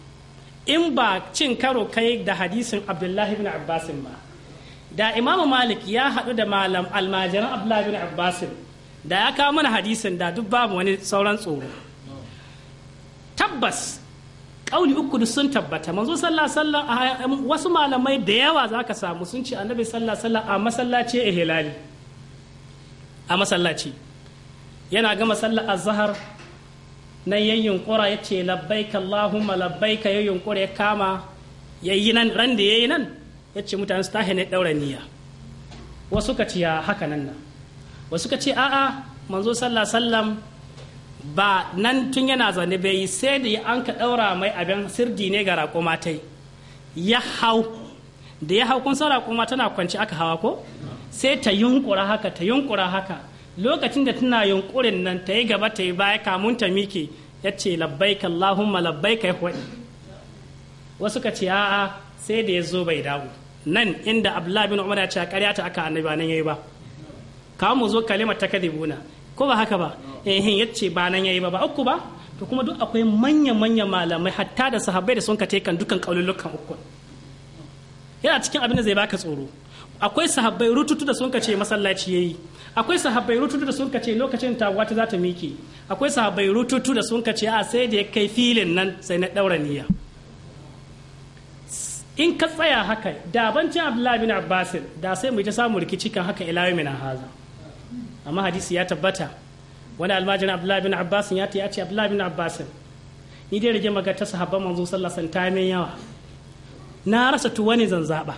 in ba cin karo kai da hadisin abdullahi bin abbasin ba da imamu malik ya haɗu da malam almajiran abdullahi bin abbasin da ya kawo mana hadisin da duk babu wani sauran tsoro tabbas ƙauli uku da sun tabbata manzo sallallahu a wasu malamai da yawa za ka samu sun ce annabi sallallahu a masallaci a masallaci yana gama sallar azhar Na ya yunkura ya ce labbaika Allahumma labbaika ya yunkura ya kama ya yi nan ran da ya yi nan ya ce mutane su tahi ne ɗaura niyya wasu ka ce haka nan na wasu ka ce a'a manzo sallah sallam ba nan tun yana zaune bai yi sai da ya an ka ɗaura mai abin sirdi ne ga raƙoma ya hau da ya hau kun san raƙoma tana kwanci aka hawa ko sai ta yunkura haka ta yunkura haka lokacin da tana yunkurin nan ta yi gaba ta yi baya kamun ta mike ya ce labbaika Allahumma labbaika ya faɗi wasu ka ce a'a sai da ya zo bai dawo nan inda Abdullahi bin Umar ya ce karya ta aka annabi nan yayi ba kawo mu zo kalimar buna ko ba haka ba eh ya ce ba nan yayi ba ba uku ba to kuma duk akwai manya manya malamai hatta da sahabbai da sun ka kan dukan kaulullukan uku yana cikin abin da zai baka tsoro akwai sahabbai rututu da sun kace masallaci yayi akwai sahabbai rututu da sun lokacin taguwa ta zata ta akwai sahabbai rututu da sun a sai da ya kai filin nan sai na daura niyya in ka tsaya haka da bancin abdullahi bin abbas da sai mu ta samu rikici kan haka ila yau haza amma hadisi ya tabbata wani almajirin abdullahi bin abbas ya ta ce abdullahi bin abbas ni dai rage maga ta sahabban manzo sallallahu alaihi wasallam yawa na rasa tuwani zanzaba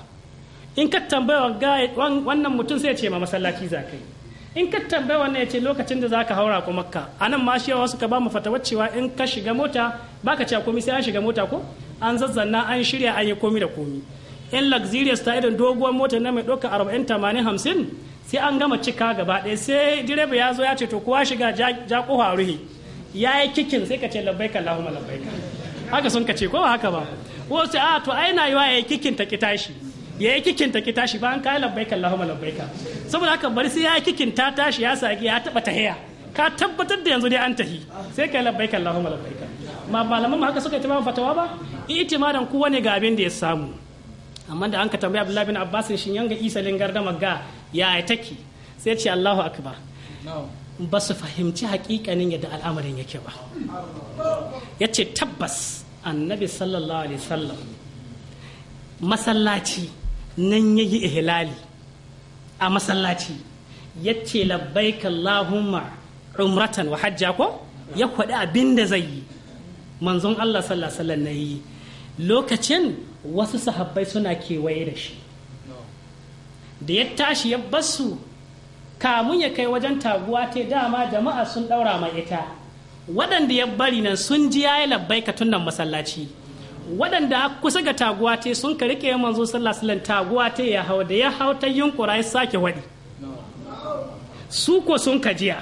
in ka tambaya wannan mutum sai ce ma masallaci za ka yi in ka tambaya wannan ya ce lokacin da za ka haura ko makka a nan ma shi wasu ba mu fatawar cewa in ka shiga mota ba ka cewa komi sai an shiga mota ko an zazzanna an shirya an yi komi da komi in luxurious ta idan doguwar mota na mai ɗauka arba'in tamanin hamsin sai an gama cika gaba ɗaya sai direba ya zo ya ce to kowa shiga ja a ruhi ya yi kikin sai ka ce labbaika allahumma labbaika haka sun ka ce ko ba haka ba wasu a ah, to ai na wa ya yi kikin ta ki tashi ya yi kikin ta ki tashi ba an kai labbaika Allahumma labbaika saboda haka bari sai ya yi kikin ta tashi ya saki ya taba haya ka tabbatar da yanzu dai an tahi sai kai labbaika Allahumma labbaika ma malaman mu haka suka yi ta fatawa ba itimadan kowa ne ga abin da ya samu amma da an ka tambaya Abdullahi bin Abbas shin yanga Isa lingar da magga ya take sai ce Allahu akbar ba su fahimci hakikanin yadda al'amarin yake ba ya ce tabbas annabi sallallahu alaihi wasallam masallaci nan ya yi ihlali a masallaci ya ce ka lahuma umratan wa hajja ko ya kwaɗi abin da zai yi manzon Allah sallallahu na yi lokacin wasu sahabbai suna kewaye da shi da ya tashi ya basu kamun ya kai wajen taguwa ta dama jama'a sun ɗaura ma ita waɗanda ya bari nan sun ji ya yi labbaika tun nan masallaci waɗanda kusa ga taguwa te sun ka rike manzo sallallahu taguwa te ya hau da ya hau ta yunkura ya sake waɗi su ko sun ka jiya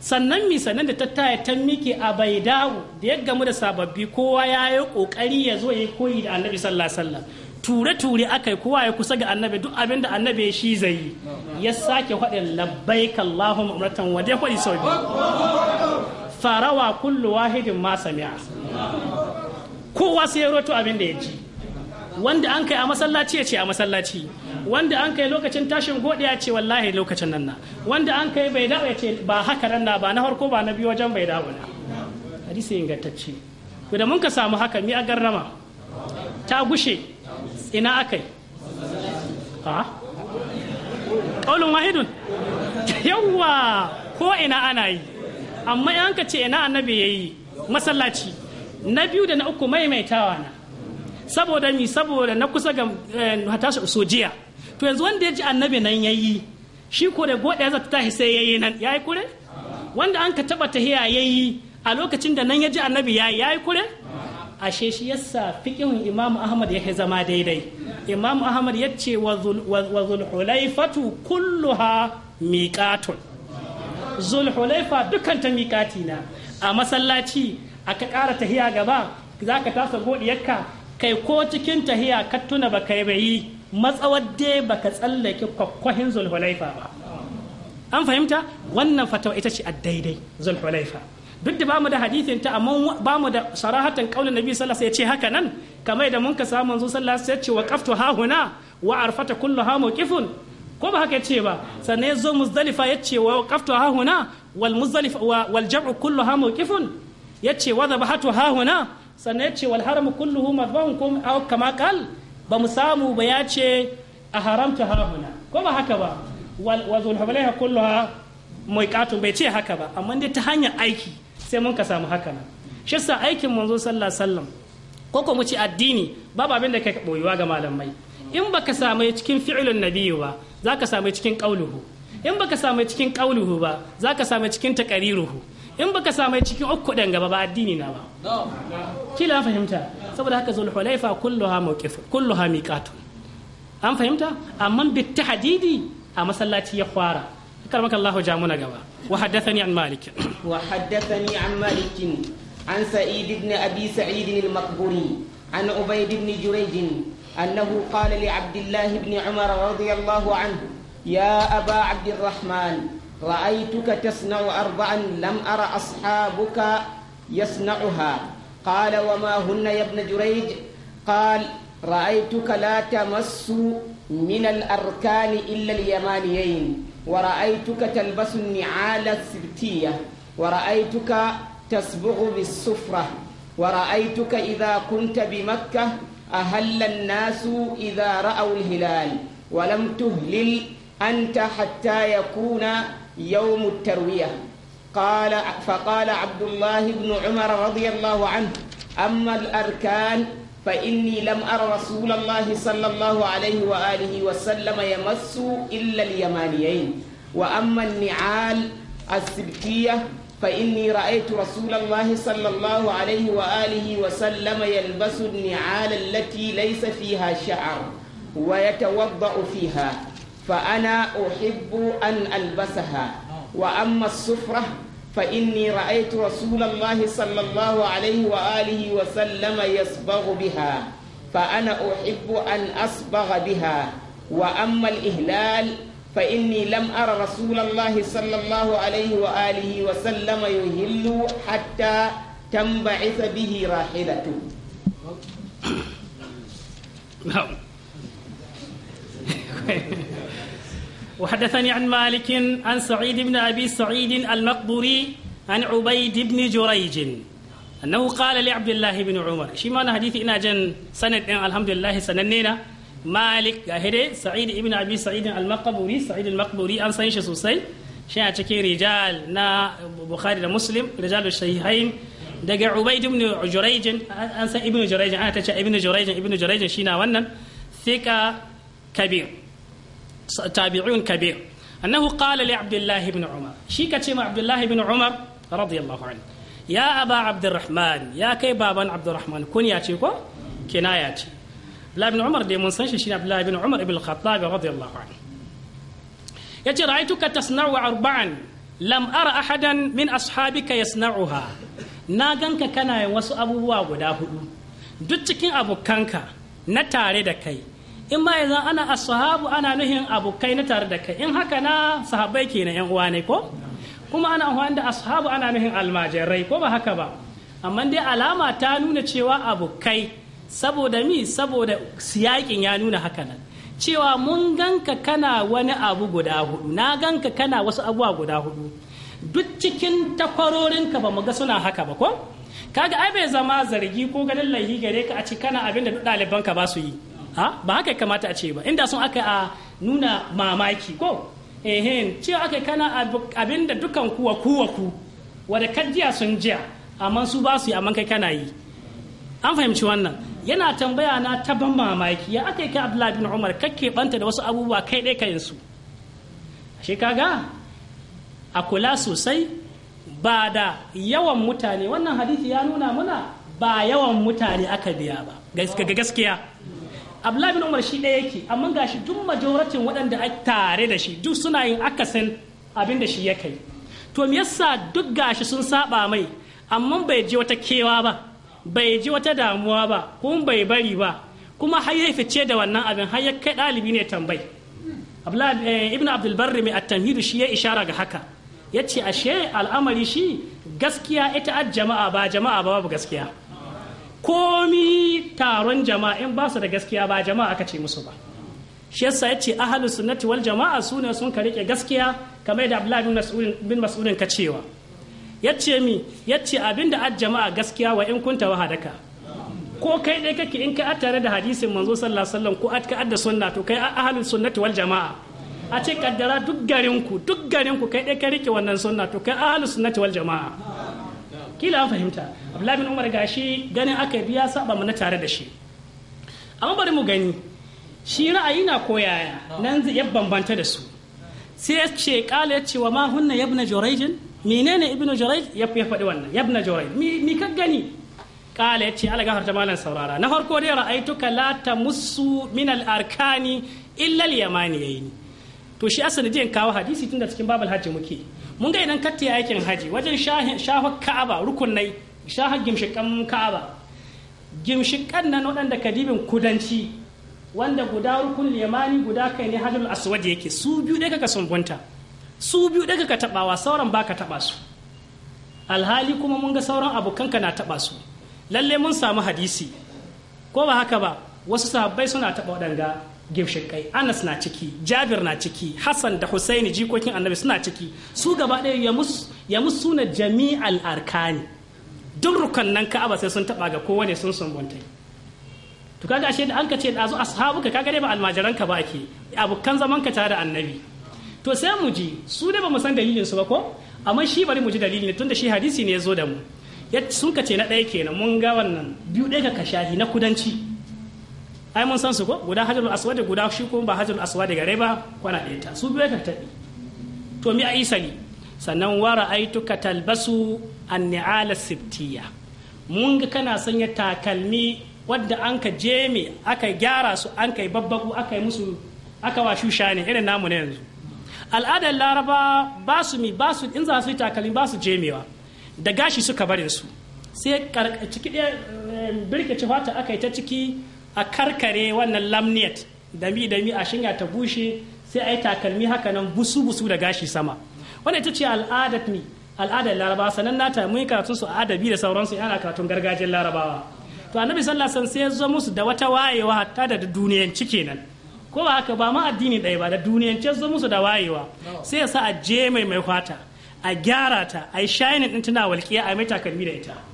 sannan mi sannan da tattaya ta miki a bai dawo da ya gamu da sababbi kowa ya yi ƙoƙari ya zo ya koyi da annabi sallallahu alaihi ture ture aka yi kowa ya kusa ga annabi duk abin da annabi shi zai yi ya sake faɗin labbaik allahumma umratan wa ya faɗi sau biyu farawa kullu wahidin ma sami'a kowa sai ya roto abin da ya ji wanda an kai a masallaci ya ce a masallaci wanda an kai lokacin tashin gode ya ce wallahi lokacin nan na wanda an kai bai dawo ya ce ba haka nan na ba na farko ba na biyu wajen bai dawo na hadisi ingantacce ku da mun ka samu haka mi a garrama ta gushe ina akai ha kaulun wahidun yawwa ko ina ana yi amma an ka ce ina annabi yayi masallaci na biyu da na uku maimaitawa na saboda mi saboda na kusa ga hatasha eh, usojiya to yanzu wanda ya ji annabi nan yayi shi ko da goda za ta tashi sai yayi nan yayi kure wanda an ka taba tahiya yayi a lokacin da nan ya ji annabi yayi yayi kure ashe shi yasa fiqhun imamu ahmad ya zama daidai imamu ahmad ya ce wa zul hulaifatu kulluha miqatun zul hulaifa dukkan ta miqati a masallaci aka ƙara tahiya gaba za ka tasa godiyarka kai ko cikin tahiya ka tuna ba kai bai matsawar dai ba ka tsallake kwakwahin zulhulaifa ba an fahimta wannan fatawa ita ce a daidai zulhulaifa duk da bamu da hadithin ta amma bamu da sarahatan kaulin nabi sallallahu alaihi wasallam ya ce haka nan kamar da mun ka samu manzo sallallahu alaihi wasallam ya ce waqaftu ha huna wa arfata kullu ha mawqifun ko ba haka ce ba sannan ya zo muzdalifa ya ce wa waqaftu ha huna wal muzdalifa wal jam'u kullu ha mawqifun yace wa ha hahuna sannan ce wal haramu kulluhu madbahun kum aw kama kal ba mu samu ba yace a haramta hahuna ko ba haka ba wa zulhubalaiha kulluha muiqatun bai ce haka ba amma dai ta hanyar aiki sai mun ka samu haka nan shi sa aikin manzo sallallahu alaihi wasallam ko ko mu ce addini babu abin da kai boyuwa ga malamai in baka samu cikin fi'ilun nabiyyu ba zaka samu cikin qauluhu in baka samu cikin qauluhu ba za ka samu cikin taqariruhu in baka samu cikin ukkudan gaba ba addini na ba kila fahimta saboda haka zul hulaifa kulluha mawqif kulluha miqatun an fahimta amma bit tahdidi a masallaci ya fara karmaka Allahu jamuna gaba wa haddathani an malik wa haddathani an malik عن سعيد بن أبي سعيد المقبوري عن عبيد بن جريج أنه قال لعبد الله بن عمر رضي الله عنه يا أبا عبد الرحمن رأيتك تصنع أربعا لم أر أصحابك يصنعها قال وما هن يا ابن جريج قال رأيتك لا تمس من الأركان إلا اليمانيين ورأيتك تلبس النعال السبتية ورأيتك تصبغ بالسفرة ورأيتك إذا كنت بمكة أهل الناس إذا رأوا الهلال ولم تهلل أنت حتى يكون يوم التروية قال فقال عبد الله بن عمر رضي الله عنه أما الأركان فإني لم أر رسول الله صلى الله عليه وآله وسلم يمس إلا اليمانيين وأما النعال السبكية فإني رأيت رسول الله صلى الله عليه وآله وسلم يلبس النعال التي ليس فيها شعر ويتوضأ فيها فأنا أحب أن ألبسها وأما السفرة فإني رأيت رسول الله صلى الله عليه وآله وسلم يصبغ بها فأنا أحب أن أصبغ بها وأما الإهلال فإني لم أرى رسول الله صلى الله عليه وآله وسلم يهل حتى تنبعث به راحلته نعم وحدثني عن مالك عن سعيد بن أبي سعيد المقبوري عن عبيد بن جريج أنه قال لعبد الله بن عمر شما حديث إن جن سند الحمد لله سننينا مالك قاهده سعيد بن أبي سعيد المقبوري سعيد المقبوري أن سنش سوسي شيء أتكي رجال نا بخاري مسلم رجال الشيخين daga ubaid ibn jurayj an san ibn jurayj ana ta ce ibn jurayj ibn jurayj shine wannan thika kabir tabi'un kabir annahu qala li abdullahi ibn umar shi ka ce ma abdullahi ibn umar radiyallahu anhu ya aba abdurrahman ya kai baban abdurrahman kunya ce ko kinaya ce abdullahi ibn umar dai mun san shi shine abdullahi ibn umar ibn al-khattab radiyallahu anhu yace ra'aytuka tasna'u arba'an lam ara ahadan min ashabika yasna'uha na ganka kana yin wasu abubuwa guda hudu duk cikin abokanka na tare da kai in ma yanzu ana ashabu ana nuhin abokai na tare da kai in haka na sahabbai kenan yan uwa ne ko kuma ana amfani da ashabu ana nuhin almajirai ko ba haka ba amma dai alama ta nuna cewa abokai saboda mi saboda siyakin ya nuna haka nan cewa mun ganka kana wani abu guda hudu na ganka kana wasu abubuwa guda hudu duk cikin takwarorin ka ba mu ga suna haka ba ko kaga ai bai zama zargi ko ganin laihi gare ka a ci kana abin da duk ɗalibanka ba su yi A ba haka kamata a ce ba inda sun aka a nuna mamaki ko ehin cewa aka kana abin da dukan kuwa kuwa ku wadda kajiya sun jiya amma su ba su yi amma kai kana yi an fahimci wannan yana tambaya na ta ban mamaki ya aka yi kai abdullahi bin umar kake banta da wasu abubuwa kai ɗaya ka su shi kaga a kula sosai ba da yawan mutane wannan hadisi ya nuna muna ba yawan mutane aka biya ba ga gaskiya abdullahi bin umar shi ɗaya yake amma ga shi duk majoratin waɗanda a tare da shi duk suna yin akasin abin da shi ya kai to me yasa duk gashi sun saba mai amma bai je wata kewa ba bai je wata damuwa ba kuma bai bari ba kuma har ya fice da wannan abin har ya kai ɗalibi ne tambayi eh, ibn abdul barri mai at-tamhidu shi ya ishara ga haka yace ashe al'amari shi gaskiya ita jama'a ba jama'a ba babu gaskiya komi taron jama'a in ba su da gaskiya ba jama'a aka ce musu ba shi yasa yace ahlus sunnati wal jama'a sune sun ka rike gaskiya kamar da abdullahi bin mas'udin bin Mas'ud ka cewa yace mi yace abinda ad jama'a gaskiya wa in kunta wahadaka ko kai dai kake in ka tare da hadisin manzo sallallahu alaihi wasallam ko at ka adda sunna to kai ahlus sunnati wal jama'a a ce kaddara duk garin ku duk garin ku kai dai ka rike wannan sunna to kai ahlus sunnati wal jama'a kila an fahimta abdullahi bin umar gashi ganin aka yi biya saba mana tare da shi amma bari mu gani shi ra'ayi na koyaya nan zai bambanta da su sai ya ce kala ya ce wa ma hunna menene jorajin ya faɗi wannan bina jorajin mi ka gani kala ya ce ala gafarta malam saurara na farko dai ra'aituka la musu min al arkani illa al yamaniyaini to shi asali dai kawo hadisi tunda cikin babal hajji muke mun ga idan katti aikin haji wajen shahar ka'aba rukunai shahar gimshikan ka'aba gimshikan nan waɗanda kadibin kudanci wanda guda rukun limani guda kai ne hajjul aswad yake su biyu ɗaya kaka sumbunta su biyu ɗaya kaka taɓawa sauran ba ka taɓa su alhali kuma mun ga sauran abokanka na taɓa su lalle mun samu hadisi ko ba haka ba wasu sahabbai suna taɓa waɗanda. gimshin kai anas na ciki jabir na ciki hassan da husaini jikokin annabi suna ciki su gaba ɗaya ya musu suna jami'al arkani duk rukannan ka'aba sai sun taba ga kowane sun sumbunta to kaga ashe da an ka ce da azu ka kaga dai ba almajiran ka ba ake abukan zaman ka tare da annabi to sai mu ji su dai ba mu san dalilin su ba ko amma shi bari mu ji dalilin tunda shi hadisi ne ya zo da mu sun ka ce na ɗaya kenan mun ga wannan biyu ɗaya ka kashahi na kudanci ai mun san su ko guda hajarul aswad guda shi kuma ba hajarul aswad gare ba kwana ɗaya ta su biyu ta tabi to mi a sani sannan wara ra'aytu katalbasu an ni'ala sibtiya mun ga kana sanya takalmi wadda an ka jeme aka gyara su an kai babbaku aka yi musu aka shusha ne irin namu ne yanzu al'adar laraba ba su mi ba su in za su yi takalmi ba su jemewa da gashi suka barin su sai ciki eh, birkice fata aka yi ta ciki a karkare wannan lamnet dami dami a shinya ta bushe sai a yi takalmi haka nan busu busu da gashi sama wannan ita ce al'adat ne al'adar laraba sanan ta mun karatun su adabi da sauransu yana karatun gargajiyar larabawa to annabi sallallahu alaihi wasallam sai ya zo musu da wata wayewa hatta da duniyanci kenan ko ba haka ba ma addini ɗaya ba da duniyance zo musu da wayewa sai ya sa a je mai mai fata a gyara ta a yi shayin ɗin tana walƙiya a mai takalmi da ita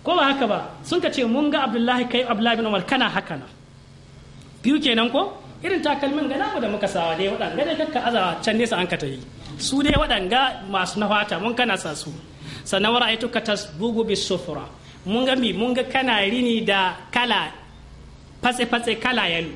ko ba haka ba sun ka ce mun ga abdullahi kai abdullahi bin umar kana haka na biyu kenan ko irin takalmin ga namu da muka sawa dai waɗanga dai kakka aza can nesa an ka ta yi su dai waɗanga masu na fata mun kana sa su sannan wara aitu ka bugu bi sufura mun ga mi mun ga kana rini da kala fatse fatse kala yalo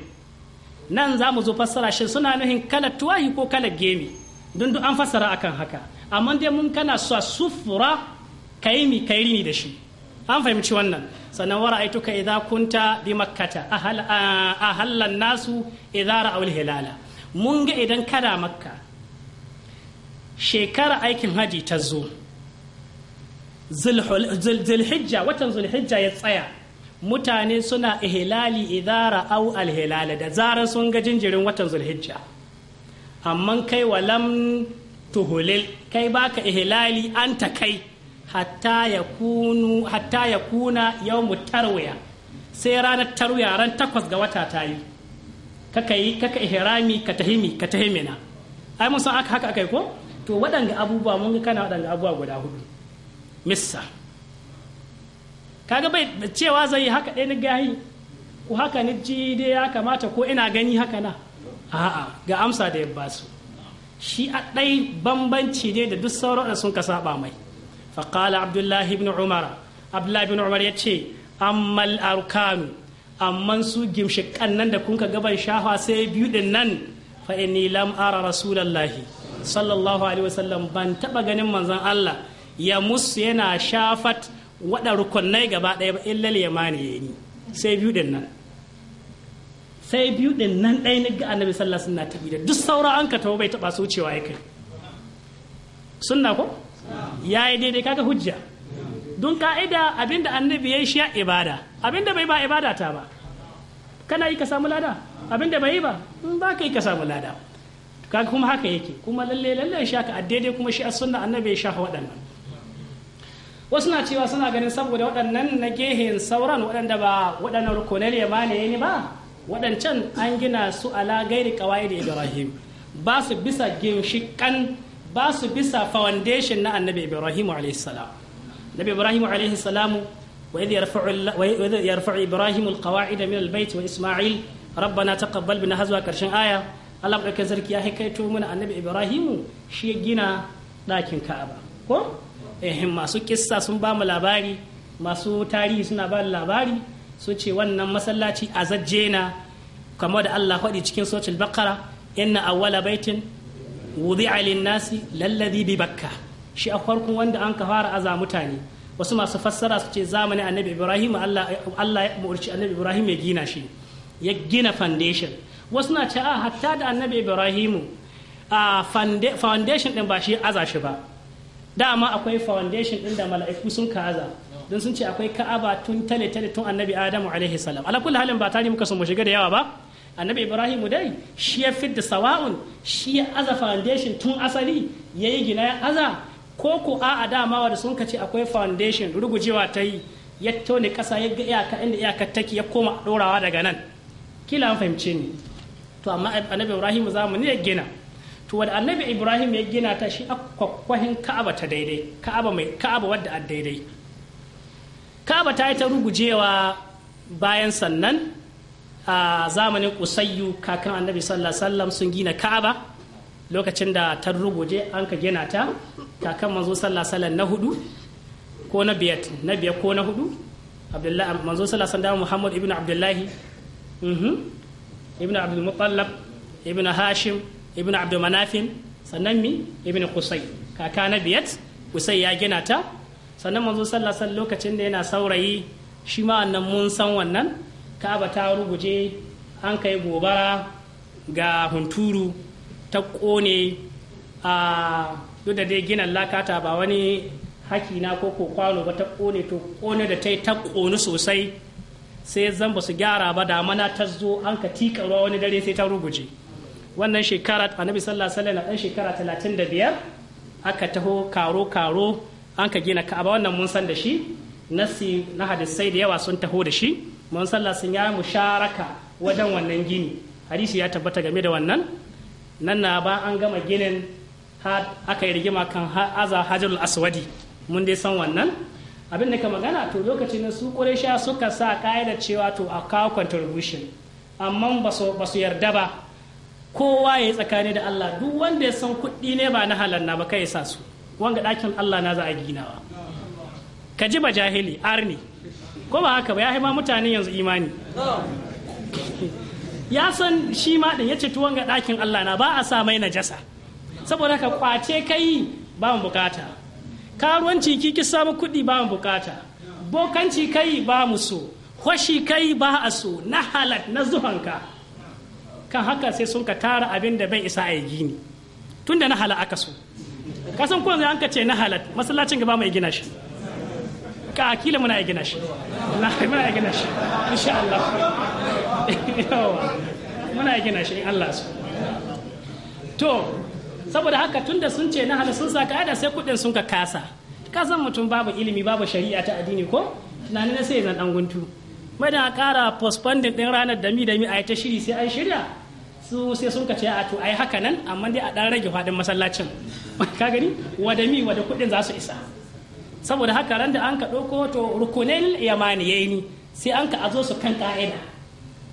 nan za mu zo fassara shi suna nuhin kala tuwahi ko kala gemi don an fassara akan haka amma dai mun kana sa sufura kai mi kai rini da shi an fahimci wannan sannan wara aituka idza kunta bi makkata ahallan nasu idza ra'aw hilala mun ga idan kada makka shekara aikin haji ta zo zulhijja watan zulhijja ya tsaya mutane suna ihilali idara au alhilala da zarar sun ga jinjirin watan zulhijja amma kai walam tuhulil kai baka ihilali an ta kai hatta ya kunu hatta ya kuna tarwiya sai ranar tarwiya ran takwas ga wata ta yi kaka yi kaka ihrami ka tahimi ka tahimina ai mun san aka haka akai ko to waɗanga abubuwa mun ga kana waɗanga abubuwa guda hudu missa kaga bai cewa zai yi haka ɗaya ni gahi ku haka ni ji dai ya kamata ko ina gani haka na a'a ga amsa da ya basu shi a ɗai bambanci ne da duk sauran sun ka saba mai faƙala abdullahi ibn Umar abdullahi ibn umar ya ce ammal arkanu amman su gimshiƙan nan da kun ka gaban shafa sai biyu din nan fa inni lam sallallahu alaihi wasallam ban taɓa ganin manzon Allah ya musu yana shafat waɗa rukunai gaba ba illal yamani ya yi sai biyu din nan sai biyu din nan ɗaya na ga annabi na tabi da duk saura an ka tawo bai taba su cewa ya kai ko ya yi daidai kaga hujja don ka'ida abinda annabi ya yi shi ibada abinda bai ba ibada ta ba kana yi ka samu lada abinda bai yi ba in ba ka yi ka samu lada kaga kuma haka yake kuma lalle lalle shi haka daidai kuma shi sunna annabi ya shafa waɗannan wasu na cewa suna ganin saboda waɗannan na gehen sauran waɗanda ba waɗannan rukunan yamani ne ba waɗancan an gina su ala gairi kawai da ibrahim ba su bisa ginshiƙan Basu bisa foundation na annabi ibrahim alaihissalam annabi ibrahim alaihissalam wa idh yarfa'u ibrahim alqawa'id min albayt wa isma'il rabbana taqabbal bina hazwa karshen aya Allah ɗauke sarki ya haikaito mana annabi ibrahimu shi ya gina ɗakin ka'aba ko ehin masu kissa sun ba labari masu tarihi suna ba labari sun ce wannan masallaci azajje na kamar da Allah faɗi cikin sotul bakara inna awwala baitin wudi'a lin-nasi lalladhi bi bakka shi a farkon wanda an ka fara aza mutane wasu masu fassara su ce zamani annabi ibrahim allah ya umarci annabi ibrahim ya gina shi ya gina foundation wasu na ce a hatta da annabi ibrahimu a foundation din ba shi aza shi ba dama akwai foundation din da mala'iku sun ka aza don sun ce akwai ka'aba tun tale tale tun annabi adamu alaihi salam halin ba tare muka sun mu shiga da yawa ba annabi ibrahim dai shi ya fidda sawa'un shi ya aza foundation tun asali ya yi gina ya aza ko ko a a damawa da sun kace akwai foundation rugujewa ta yi ya tone kasa ya ga iyaka inda iyakar take ya koma dorawa daga nan kila an fahimce ni to amma annabi ibrahim zamani ya gina to wanda annabi ibrahim ya gina ta shi akwakwahin ka'aba ta daidai ka'aba mai ka'aba wadda a daidai ka'aba ta yi ta rugujewa bayan sannan a zamanin kusayyu kakan annabi sallallahu alaihi wasallam sun gina ka'aba lokacin da ta rubuje an ka gina ta kakan manzo sallallahu alaihi wasallam na hudu ko na biyar na biyar ko na hudu abdullahi manzo sallallahu alaihi wasallam muhammad ibnu abdullahi mhm, ibnu abdul muttalib ibnu hashim ibnu abdul manafin sannan mi ibnu qusay kaka na biyar qusay ya gina ta sannan manzo sallallahu alaihi wasallam lokacin da yana saurayi shi ma annan mun san wannan kaba ta ruguje an kai gobara ga hunturu ta kone a duk da dai ginin lakata ba wani haki na ko kwano ba ta kone to kone da ta yi ta kone sosai sai zan ba su gyara ba da mana ta zo an ka tika ruwa wani dare sai ta ruguje wannan shekara annabi sallallahu alaihi wasallam dan shekara 35 aka taho karo karo an ka gina ka'aba wannan mun san da shi nasi na hadisai da yawa sun taho da shi mun sallah sun ya musharaka wajen wannan gini hadisi ya tabbata game da wannan nan na ba an gama ginin aka yi rigima kan aza hajjul aswadi mun dai san wannan abin da ka magana to lokacin na su sha suka sa ka'ida cewa to a kawo contribution amma ba su yarda ba kowa ya yi tsakani da Allah duk wanda ya san kuɗi ne ba na halanna ba kai ya sa su wanga ɗakin Allah na za a ginawa ka ji ba jahili arni ko ba haka ba ya ma mutane yanzu imani ya san shi ma din ya ce tuwon ga ɗakin Allah na ba a sa mai najasa saboda ka kwace kai ba mu bukata karuwanci kiki samu kuɗi ba mu bukata bokanci kai ba mu so kwashi kai ba a so na halat na zuhanka kan haka sai sun ka tara abin da bai isa a gini tun da na hala aka so kasan zai an ka ce na halat masallacin gaba mai gina shi ka kila muna gina shi wallahi muna gina shi insha Allah muna gina shi in Allah su to saboda haka tunda sun ce na sun sa ka'ida sai kudin sun ka kasa kasan mutum babu ilimi babu shari'a ta addini ko tunani na sai zan dan guntu mai da kara postponding din ranar da mi da mi a ta shiri sai an shirya su sai sun ka ce a to ai haka nan amma dai a dan rage fadin masallacin ka gani wa da mi wa da kudin za su isa saboda haka ran da an ka ɗauko to rukunin ya ne sai an ka azo su kan ƙa'ida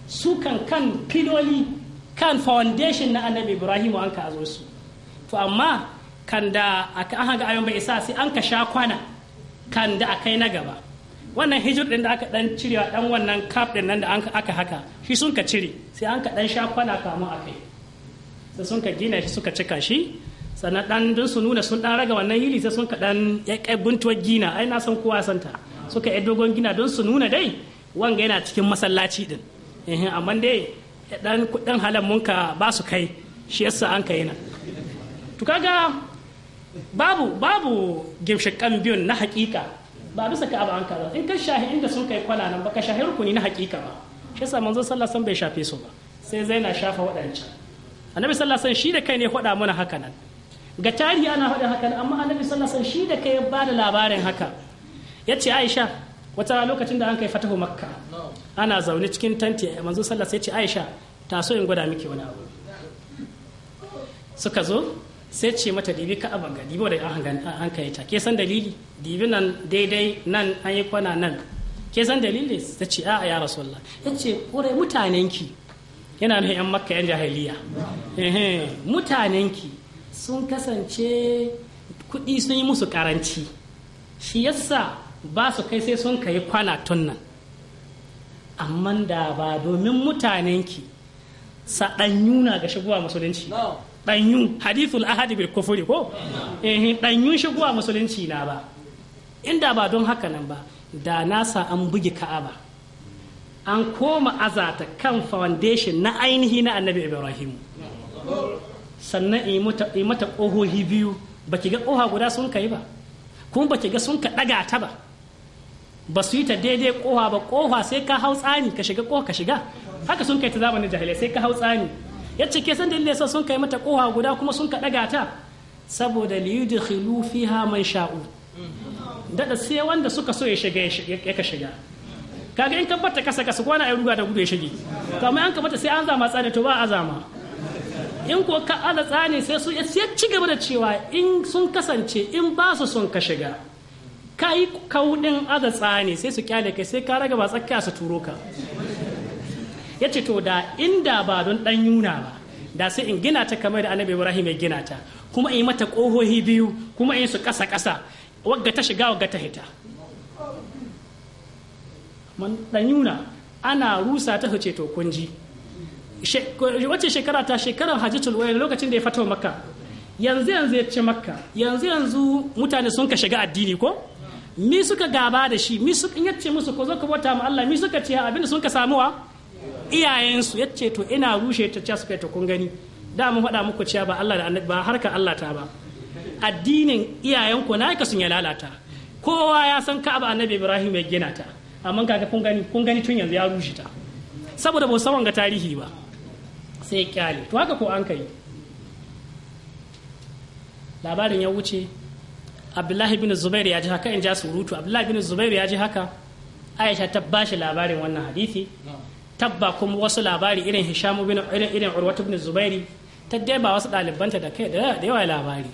su kan kan filoli kan foundation na annabi ibrahim an ka azo su to amma kan da aka an haga ayon bai isa sai an ka sha kwana kan da akai na gaba wannan hijir din da aka dan a dan wannan kaf din nan da aka haka shi sun ka cire sai an ka dan sha kwana kamun akai sai sun ka gina shi suka cika shi sannan dan dun su nuna sun dan raga wannan yili sai sun kaɗan ya kai buntuwar gina ai na san kowa santa suka yi dogon gina don su nuna dai wanga yana cikin masallaci din eh amma dai dan kudin halan ka ba su kai shi yasa an kai na. to kaga babu babu gimshikan biyun na hakika ba bisa ka ba an kaza in ka shahi inda sun kai kwana nan ba ka shahi rukuni na hakika ba shi yasa manzon sallallahu alaihi wasallam bai shafe su ba sai zai na shafa waɗancan annabi sallallahu alaihi wasallam shi da kai ne faɗa mana haka nan ga tarihi ana faɗin haka amma annabi sallallahu alaihi shi da kai ba da labarin haka yace Aisha wata lokacin da an kai fatahu makka ana zaune cikin tanti manzo sallallahu alaihi ce Aisha ta so in gwada miki wani abu suka zo sai ce mata dibi ka aban ga dibi da an kai ta ke san dalili dibi nan daidai nan an yi kwana nan ke san dalili ta ce a'a ya rasulullah yace kore mutanenki yana nufin yan makka yan jahiliya mutanenki sun kasance kuɗi sun yi musu karanci shi yasa ba su kai sai sun kai kwana nan amma da ba domin mutanenki saɗanyu na ga shigowa musulunci ɗanyu hadithul ahadi bil kufuri ko eh ɗanyun shigowa musulunci na ba inda ba don haka nan ba da nasa an bugi ka'aba an koma azata kan foundation na ainihi na annabi ibrahim sannan in yi mata ƙohohi biyu ba ki ga ƙoha guda sun kai ba kuma ba ki ga sun ka ɗaga ta ba ba su yi ta daidai ƙoha ba ƙoha sai ka hau tsani ka shiga ƙoha ka shiga haka sun kai ta zamanin jahilai sai ka hau tsani ya ce ke san da yasa sun kai mata ƙoha guda kuma sun ka ɗaga ta saboda fi ha man sha'u dada sai wanda suka so ya shiga ya ka shiga kaga in ka bata kasa kasa kwana ai ruga da gudu ya shige to amma an ka bata sai an zama tsani to ba a zama in ko ka ala tsani sai su ya ci gaba da cewa in sun kasance in ba su son ka shiga ka yi kaudin aza tsani sai su kyale kai sai ka raga ba tsakiya su turo ka ya ce to da inda ba don dan yuna ba da sai in gina ta kamar da annabi ibrahim ya gina ta kuma in mata kohohi biyu kuma in su kasa kasa wagga ta shiga wagga ta hita dan yuna ana rusa ta hace to kunji wacce shekara ta shekarar hajjatul wayar lokacin da ya fatawa makka yanzu yanzu ya ce makka yanzu yanzu mutane sun ka shiga addini ko mi suka gaba da shi mi suka yace musu ko zo ka bauta ma Allah mi suka ce abinda sun ka samuwa iyayensu ya ce to ina rushe ta ce suka ta kun gani da mun faɗa muku cewa ba Allah da annabi ba harka Allah ta ba addinin iyayenku na ka sun ya lalata kowa ya san ka ba annabi Ibrahim ya gina ta amma kaga kun gani kun gani tun yanzu ya rushe ta saboda ba san wanga tarihi ba sai kyale to haka ko an kai labarin ya wuce abdullahi bin zubairu ya ji haka in ja surutu abdullahi bin zubairu ya ji haka aisha ta bashi labarin wannan hadithi. tabba kuma wasu labari irin hishamu bin irin irin urwatu bin zubairu ta ba wasu dalibanta da kai da yawa labari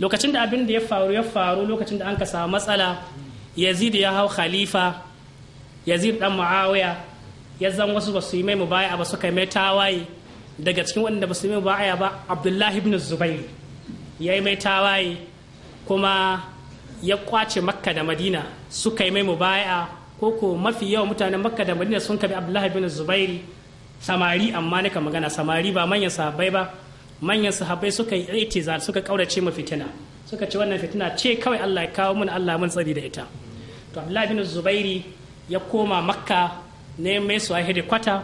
lokacin da abin da ya faru ya faru lokacin da an ka samu matsala yazid ya hau khalifa yazid dan muawiya ya zan wasu ba su yi mai mubaya ba suka yi mai tawaye daga cikin waɗanda ba su yi mai mubaya ba abdullahi ibn Zubairu ya yi mai tawaye kuma ya kwace makka da madina suka yi mai mubaya ko ko mafi yawan mutanen makka da madina sun kabi abdullahi ibn Zubairu samari amma nika magana samari ba manyan sahabbai ba manyan sahabbai suka yi itizar suka kaurace mu fitina suka ce wannan fitina ce kawai Allah ya kawo mun Allah mun tsari da ita to Abdullahi Ibn Zubairu ya koma Makka ne mai su kwata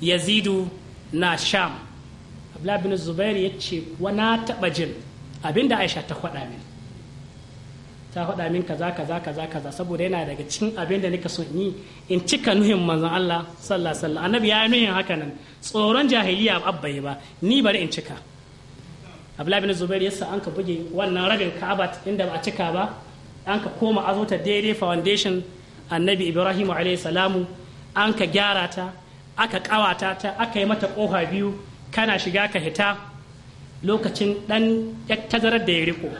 yazidu na sham abdullahi bin zubairu ya ce wana taɓa jin abinda aisha ta faɗa min ta faɗa min kaza kaza kaza kaza saboda yana daga cikin abinda nika son yi in cika nuhin manzon Allah sallallahu alaihi annabi ya yi nuhin haka nan tsoron jahiliya abbaye ba ni bari in cika abdullahi bin zubair yasa an ka buge wannan rabin ka'aba inda ba a cika ba an ka koma azota daidai foundation annabi ibrahim alaihi salamu an ka gyara ta aka kawata ta aka yi mata kofa biyu kana shiga ka hita lokacin ɗan dan tazarar da ya riko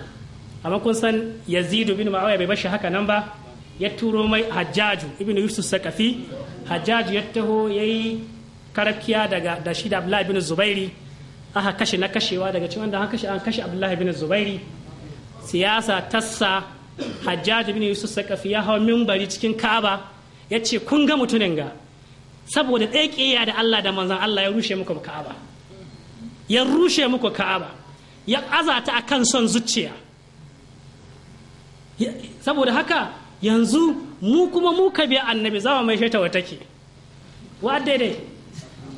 amma kun san yazidu bin ma'awiya bai bashi haka nan ba ya turo mai hajjaju ibn yusuf sakafi hajjaju ya taho ya yi karakiya daga da shi da abdullahi bin zubairi aka kashe na kashewa daga cikin wanda an kashe an kashe abdullahi bin zubairi siyasa tassa hajjaju bin yusuf sakafi ya hau mimbari cikin ka'aba ya ce kun ga mutumin ga saboda ɗaya ƙiyayya da Allah da manzan Allah ya rushe muku ka'aba ya rushe muku ka'aba ya azata a kan son zuciya saboda haka yanzu mu kuma mu ka biya annabi za mu mai shaita wa take wa daidai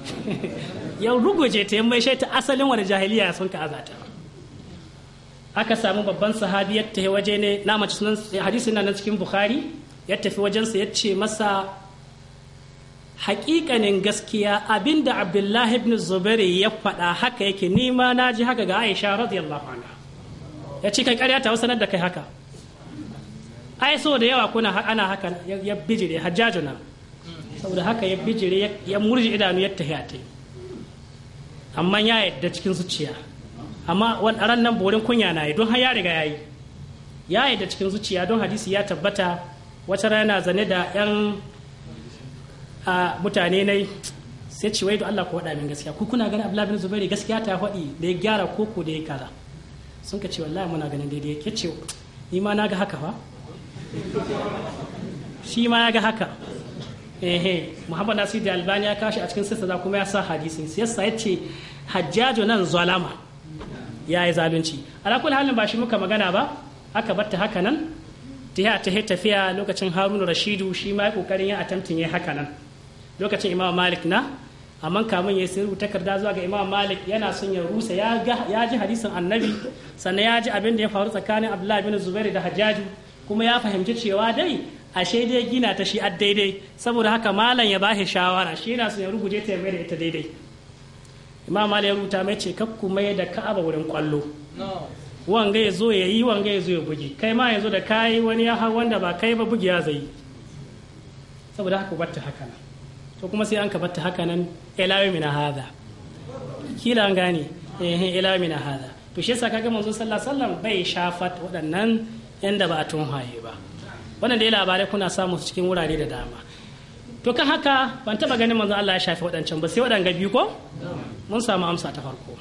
ya ruguje ta mai shaita asalin wani jahiliya sun ka azata aka samu babban sahabi ta waje ne na mace sunan cikin bukhari ya tafi wajensa ya ce masa hakikanin gaskiya abinda abdullahi ibn zubairu ya faɗa haka yake nima na ji haka ga aisha radiyallahu anha ya ce kai ƙarya ta wasu da kai haka ai so da yawa kuna ana haka ya bijire hajjajuna saboda haka ya bijire ya murji idanu ya tahiya ta amma ya yadda cikin zuciya amma wani ran nan borin kunya na yi don har ya riga ya yi ya yadda cikin zuciya don hadisi ya tabbata wata rana zane da yan mutane nai sai ce wai da Allah ku wada min gaskiya ku kuna ganin Abdullahi bin Zubairu gaskiya ta faɗi da ya gyara koko da ya kaza sun ka ce wallahi muna ganin daidai yake ce ni ma na ga haka fa shi ma ya ga haka ehe Muhammad Nasir da Albani ya kashi a cikin sissa kuma ya sa hadisi sai yasa yace hajjajo nan zalama ya yi zalunci ala halin ba shi muka magana ba aka batta haka nan ta ta tafiya lokacin haruna rashidu shi ma kokarin ya attempting ya haka nan lokacin imam malik na amma kamun ya sai rubuta takarda zuwa ga imam malik yana son ya rusa ya ji hadisin annabi sannan ya ji abin da ya faru tsakanin abdullahi bin zubairu da hajjaju kuma ya fahimci cewa dai ashe dai gina ta shi daidai saboda haka malam ya bashi shawara shi yana son ya rubuce ta mai da ita daidai imam malik ya rubuta mai ce kakku mai da ka'aba wurin kwallo wanga ya zo ya yi wanga ya zo ya bugi kai ma yanzu da kayi wani ya hau wanda ba kai ba bugi ya zai saboda haka batta haka nan to kuma sai an ka batta haka nan ilawi mina hada kila an gane eh ilawi mina hada to shi yasa kaga manzo sallallahu alaihi wasallam bai shafat waɗannan yanda ba a tunhaye ba wannan dai labarai kuna samu cikin wurare da dama to kan haka ban taba ganin manzo Allah ya shafi waɗancan ba sai waɗanga biyu ko mun samu amsa ta farko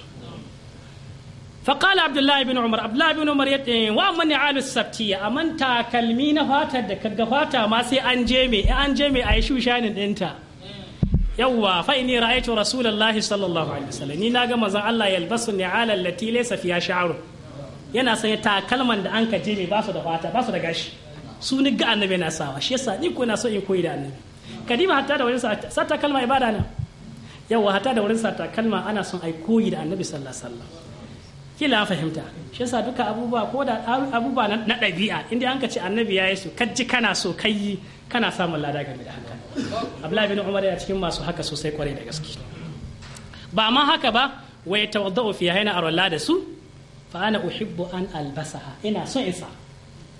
فقال عبد الله بن عمر عبد الله بن عمر يتين ومن عال السبتية أمن تاكلمي نفاتا دكا فاتا ما سي أنجيمي أنجيمي أيشو شانن أنت يوا فإني رأيت رسول الله صلى الله عليه وسلم ني ناغا مزان الله يلبس النعال التي ليس فيها شعر yana sanya takalman da an ka jeme ba su da fata ba su da gashi su ni ga annabi na sawa shi yasa ni ko ina so in koyi da annabi kadima hatta da wurin sa takalma ibada na yawa hatta da wurin sa takalma ana son ai koyi da annabi sallallahu alaihi wasallam kila fahimta shi yasa duka abubuwa ko da abubuwa na ɗabi'a inda an ka ce annabi ya yi su kajji kana so yi kana samun lada game da haka abdullahi bin umar ya cikin masu haka sosai kwarai da gaske ba ma haka ba wa ya tawadda'u fi hayna arwalla da su fa ana uhibbu an albasaha ina son isa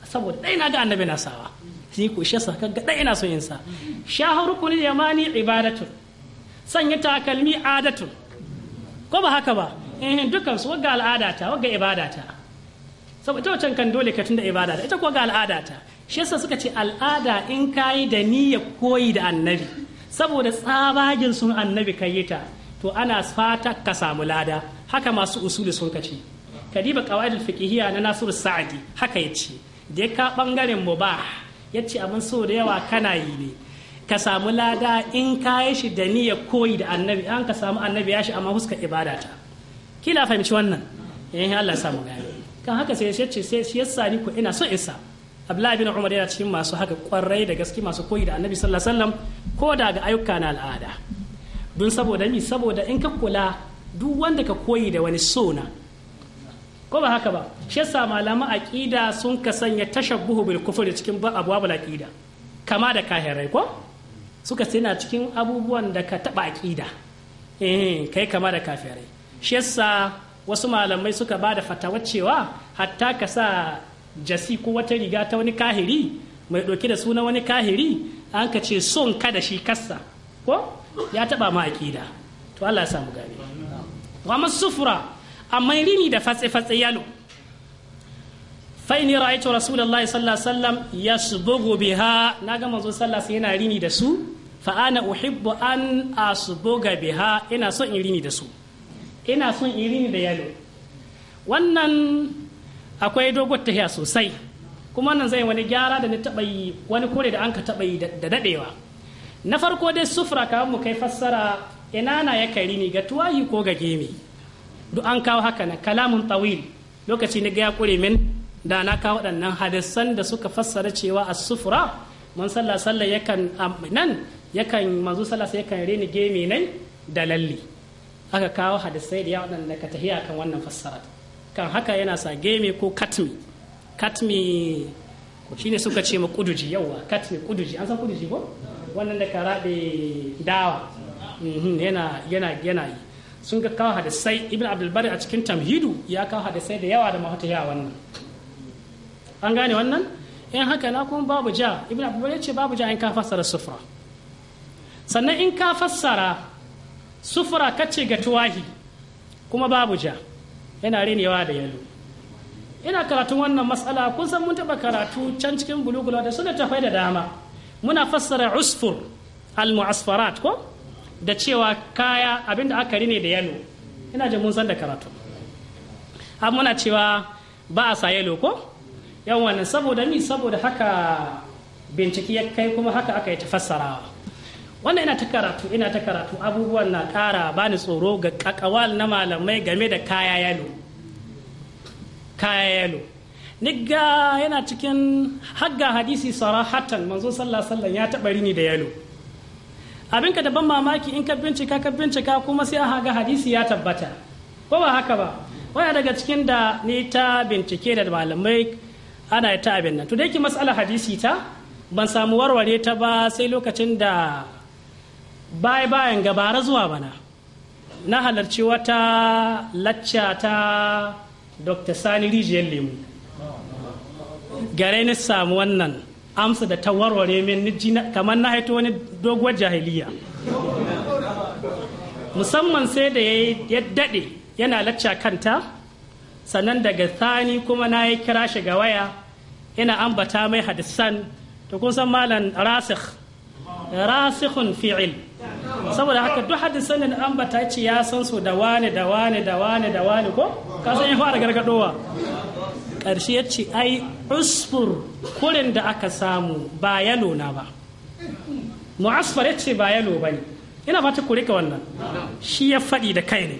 saboda dai na ga annabi na sawa shi ko shi yasa ga dai ina son insa shahru kulli yamani ibadatun sanya takalmi adatu ko ba haka ba ehin dukkan su wagga al'ada ta wagga ibada ta saboda wancan kan dole ka tunda ibada ta ita ko ga al'ada ta shi yasa suka ce al'ada in kayi da niyya koyi da annabi saboda tsabagin sun annabi ka yi ta to ana fata ka samu lada haka masu usuli sun ka ci kadiba qawaidul fiqhiyya na nasiru sa'adi haka yace da ka bangaren mubah yace abin so da yawa kana yi ne ka samu lada in kayi shi da niyya koyi da annabi an ka samu annabi ya shi amma huska ibada ta kila fahimci wannan eh Allah samu gani kan haka sai ya ce shi yasa ni ko ina so isa Abdullahi bin Umar yana cikin masu haka kwarai da gaske masu koyi da Annabi sallallahu alaihi wasallam ko da ga ayyuka na al'ada don saboda mi saboda in ka kula duk wanda ka koyi da wani sona ko ba haka ba shi yasa malaman aqida sun ka sanya tashabbuhu bil kufri cikin abwabul aqida kama da kahirai ko suka sai na cikin abubuwan da ka taba aqida eh kai kama da kafirai Shassa wasu malamai suka ba da fatawa cewa hatta ka sa jasi ko wata riga ta wani kahiri mai ɗauke da suna wani kahiri an ka ce son kada shi kasa ko ya taɓa ma aƙida to Allah ya samu gane wa sufura amma rini da fatse-fatse yalo fa ra'aytu rasulullahi sallallahu alaihi wasallam yasbugu biha naga manzo sallallahu alaihi yana rini da su fa ana uhibbu an asbuga biha ina so in rini da su ina son irini da yalo wannan akwai dogon tafiya sosai kuma nan zai wani gyara da na taɓa yi wani kore da an ka taɓa yi da daɗewa na farko dai sufra kawai mu kai fassara ina na ya kari ni ga tuwayi ko ga gemi duk an kawo haka na kalamun tawil lokaci na gaya kure min da na kawo waɗannan hadisan da suka fassara cewa a sufra mun sallah sallah yakan nan yakan manzo sallah yakan reni gemi nai da lalle. aka kawo hadisai da yawa waɗanda ka tahiya kan wannan fassara kan haka yana sa geme ko katmi katmi shine suka ce ma kuduji yawa katmi kuduji an san kuduji ko wannan da ka rabe dawa mhm, yana yana yana yi sun ga kawo hadisai ibn abdulbari a cikin tamhidu ya kawo hadisai da yawa da mahata yawa wannan an gane wannan in haka na kuma babu ja ibn abdulbari ya ce babu ja in ka fassara sufra sannan in ka fassara sufura kace ga tuwahi kuma babu ja yana renewa da yalo ina karatun wannan matsala kun san mun taɓa karatu can cikin bulugula da suna tafai da dama muna fassara usfur al-mu'asfarat ko da cewa kaya abinda aka rine da yalo ina jin mun san da karatu a muna cewa ba a sa yalo ko yan wannan saboda ni saboda haka bincike ya kai kuma haka aka yi ta fassarawa wannan ina ta karatu ina ta karatu abubuwan na kara bani tsoro ga kakawal na malamai game da kaya yalo kaya yalo nigga yana cikin hagga hadisi sarahatan manzo sallah sallan ya taɓa rini da yalo abin ka daban mamaki in ka bincika ka bincika kuma sai a haga hadisi ya tabbata ko ba haka ba waya daga cikin da ni ta bincike da malamai ana ta abin nan to da yake mas'ala hadisi ta ban samu warware ta ba sai lokacin da baya bayan gabara zuwa bana na halarci wata lacca ta dr sani rijiyar lemu gare ni samu wannan amsa da ta warware min kamar na haito wani doguwar jahiliya musamman sai da ya daɗe yana lacca kanta sannan daga sani kuma na yi kira shi ga waya yana ambata mai hadisan to kun san malam rasikh rasikhun fi'il saboda haka duk hadisan da an bata ce ya san su da wane da wane da wane da wane ko ka san ya fara gargadowa karshe ya ce ai usfur kurin da aka samu ba yalo na ba mu'asfar ya ce ba yalo ne ina fata ku rika wannan shi ya faɗi da kai ne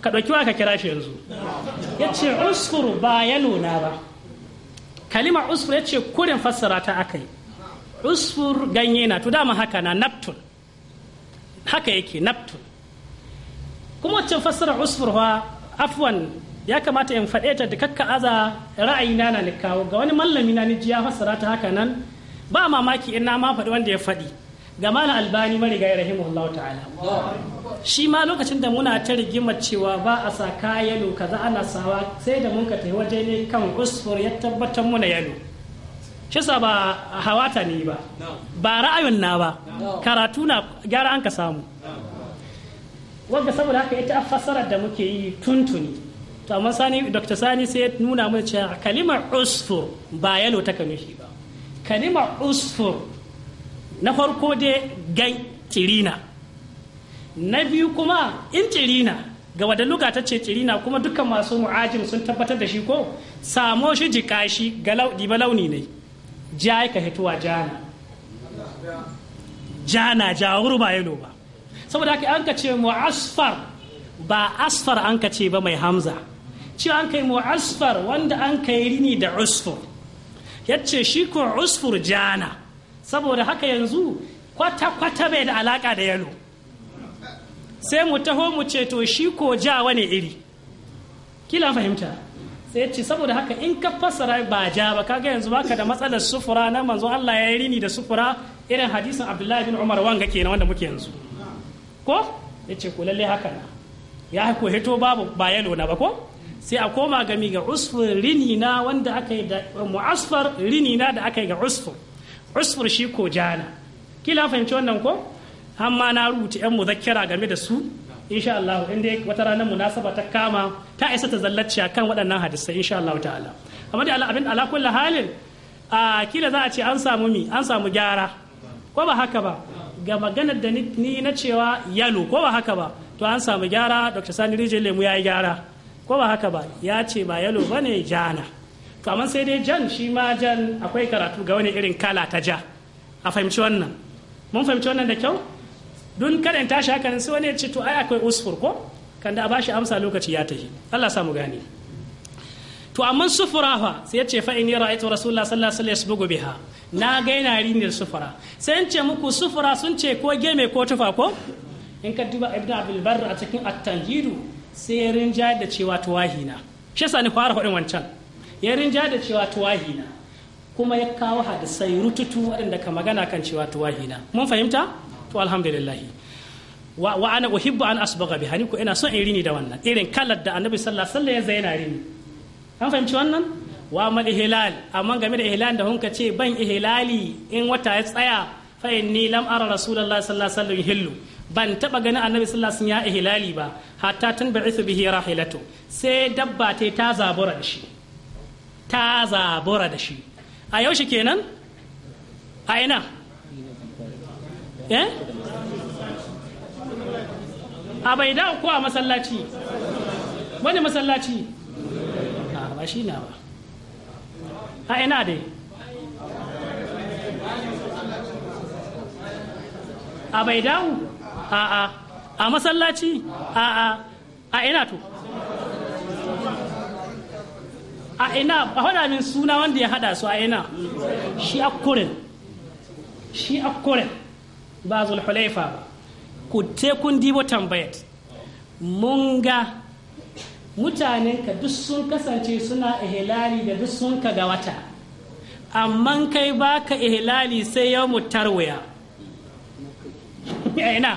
ka ɗauki wa ka kira shi yanzu ya ce usfur ba yalo na ba kalimar usfur ya ce kurin fassara ta aka yi usfur ganye na to dama haka na naptun haka yake naptun kuma wacce fassara usfur fa afwan ya kamata in faɗe ta da kakka aza ra'ayi na na kawo ga wani mallami na ji ya fassara ta haka nan ba mamaki in na ma faɗi wanda ya faɗi ga mala albani marigayi rahimahullahu ta'ala shi ma lokacin da muna ta rigima cewa ba a sa kaya yalo kaza ana sawa sai da mun ka tafi waje ne kan usfur ya tabbatar muna yalo Shisa ba ba hawata ne ba ba ra'ayon na ba karatu na gyara an ka samu wadda saboda haka ita fassarar da muke yi tuntuni to amma sani dr sani sai ya nuna mun cewa kalimar usfur ba yalo ta nufi ba kalimar usfur na farko dai gai cirina na biyu kuma in cirina ga wadda luga ta ce cirina kuma dukkan masu mu'ajim sun tabbatar da shi ko samo shi jikashi ga diba launi ne ja ka hituwa jana jana wuri ba yalo ba saboda haka an ka ce mu asfar ba asfar an ka ce ba mai hamza ci an kai mu asfar wanda an kai rini da usfur yace shi ko usfur jana saboda haka yanzu kwata-kwata bai da alaka da yalo sai mu taho mu ce to shi ko ja wani iri kila fahimta sai ce saboda haka in ka fassara ba ja ba kaga yanzu baka da matsalar sufura na manzo Allah ya yi rini da sufura irin hadisin Abdullahi bin Umar wanga kenan wanda muke yanzu ko ce ko lalle haka na ya ko hito babu ba yalo na ba ko sai a koma gami ga usfur rini na wanda aka yi da mu'asfar rini na da aka yi ga usfur usfur shi ko jana kila fahimci wannan ko Amma na rubuta yan muzakkara game da su insha Allah in dai wata ranar munasaba ta kama ta isa ta zallacci akan waɗannan hadisai insha Allah ta'ala amma dai abin ala kulli halin a kila za a ce an samu mi an samu gyara ko ba haka ba ga maganar da ni na cewa yalo ko ba haka ba to an samu gyara Dr. Sani Rijin Lemu ya yi gyara ko ba haka ba ya ce ba yalo ba ne jana to amma sai dai jan shi ma jan akwai karatu ga wani irin kala ta ja a fahimci wannan mun fahimci wannan da kyau don kada in tashi haka sai wani ya ce to ai akwai usfur ko kan da a bashi amsa lokaci ya tafi Allah samu gane to amma sufura fa sai ya ce fa in yara ita rasulullah sallallahu alaihi wasallam yasbugu biha na ga yana rinin sufura sai in ce muku sufura sun ce ko geme ko tufa ko in ka duba ibn abul barr a cikin at-tanhidu sai ya rinja da cewa tuwahi na shi sa ni fara faɗin wancan ya rinja da cewa tuwahi na kuma ya kawo hadisai rututu waɗanda ka magana kan cewa tuwahi na mun fahimta ko alhamdulillah wa wa ana uhibbu an asbaga ko ina son in rini da wannan irin kalar da annabi sallallahu alaihi wasallam ya zaina rini an fahimci wannan wa mal ihlal amma game da ihlal da hunka ce ban ihlali in wata ya tsaya fa inni lam ara rasulullahi sallallahu alaihi wasallam ban taba ganin annabi sallallahu alaihi wasallam ya ihlali ba hatta tun ba'ithu bihi rahilatu sai dabba ta ta zabura da shi ta zabura da shi a yaushe kenan a ina eh a bai da ko a masallaci wani masallaci a ba shi na ba a ina dai a bai dawo a a a masallaci a a a ina to a ina a hada min suna wanda ya hada su a ina shi akkurin shi akkurin ba hulaifa ba ku te kun dibo tambayat mun ga mutanen ka duk sun kasance suna ihlali da duk sun ka ga wata amma kai baka ihlali sai yau mu tarwaya ina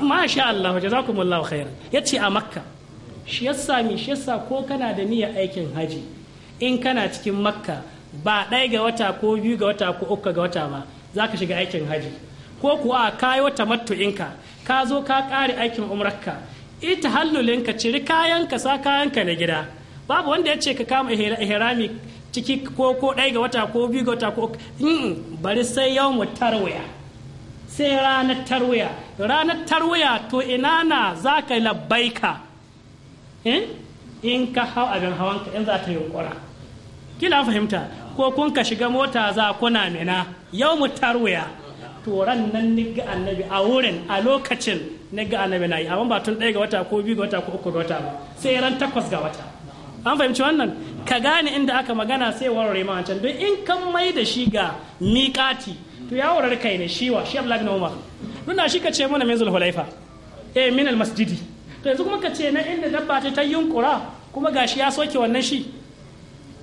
masha Allah jazakumullah khair yace a makka shi yasa mi shi yasa ko kana da niyyar aikin haji in kana cikin makka ba ɗaya ga wata ko biyu ga wata ko uku ga wata ba za ka shiga aikin haji ko kuwa ka yi wata mattu'inka ka zo ka ƙare aikin umrarka ita hallulinka ciri kayanka sa kayanka na gida babu wanda ya ce ka kama ihrami ciki ko ko ɗaya ga wata ko biyu ga wata ko bari sai yau mu tarwaya sai ranar tarwaya ranar tarwaya to ina na za ka ka eh? in ka hau abin hawanka in za ta yi yunkura kila fahimta ko kun ka shiga mota za kuna mina yau mu tarwaya Toran nan ni ga annabi a wurin a lokacin ni ga annabi na yi amma ba tun ɗaya ga wata ko biyu ga wata ko uku ga wata ba sai ran takwas ga wata an fahimci wannan ka gane inda aka magana sai warware ma wancan don in kan mai da shi ga miƙati to ya warar kai ne shiwa shi Abdullahi Umar nuna shi ka ce mana min zulhulaifa eh min almasjidi to yanzu kuma ka ce na inda dabba ta yunkura kuma gashi ya soke wannan shi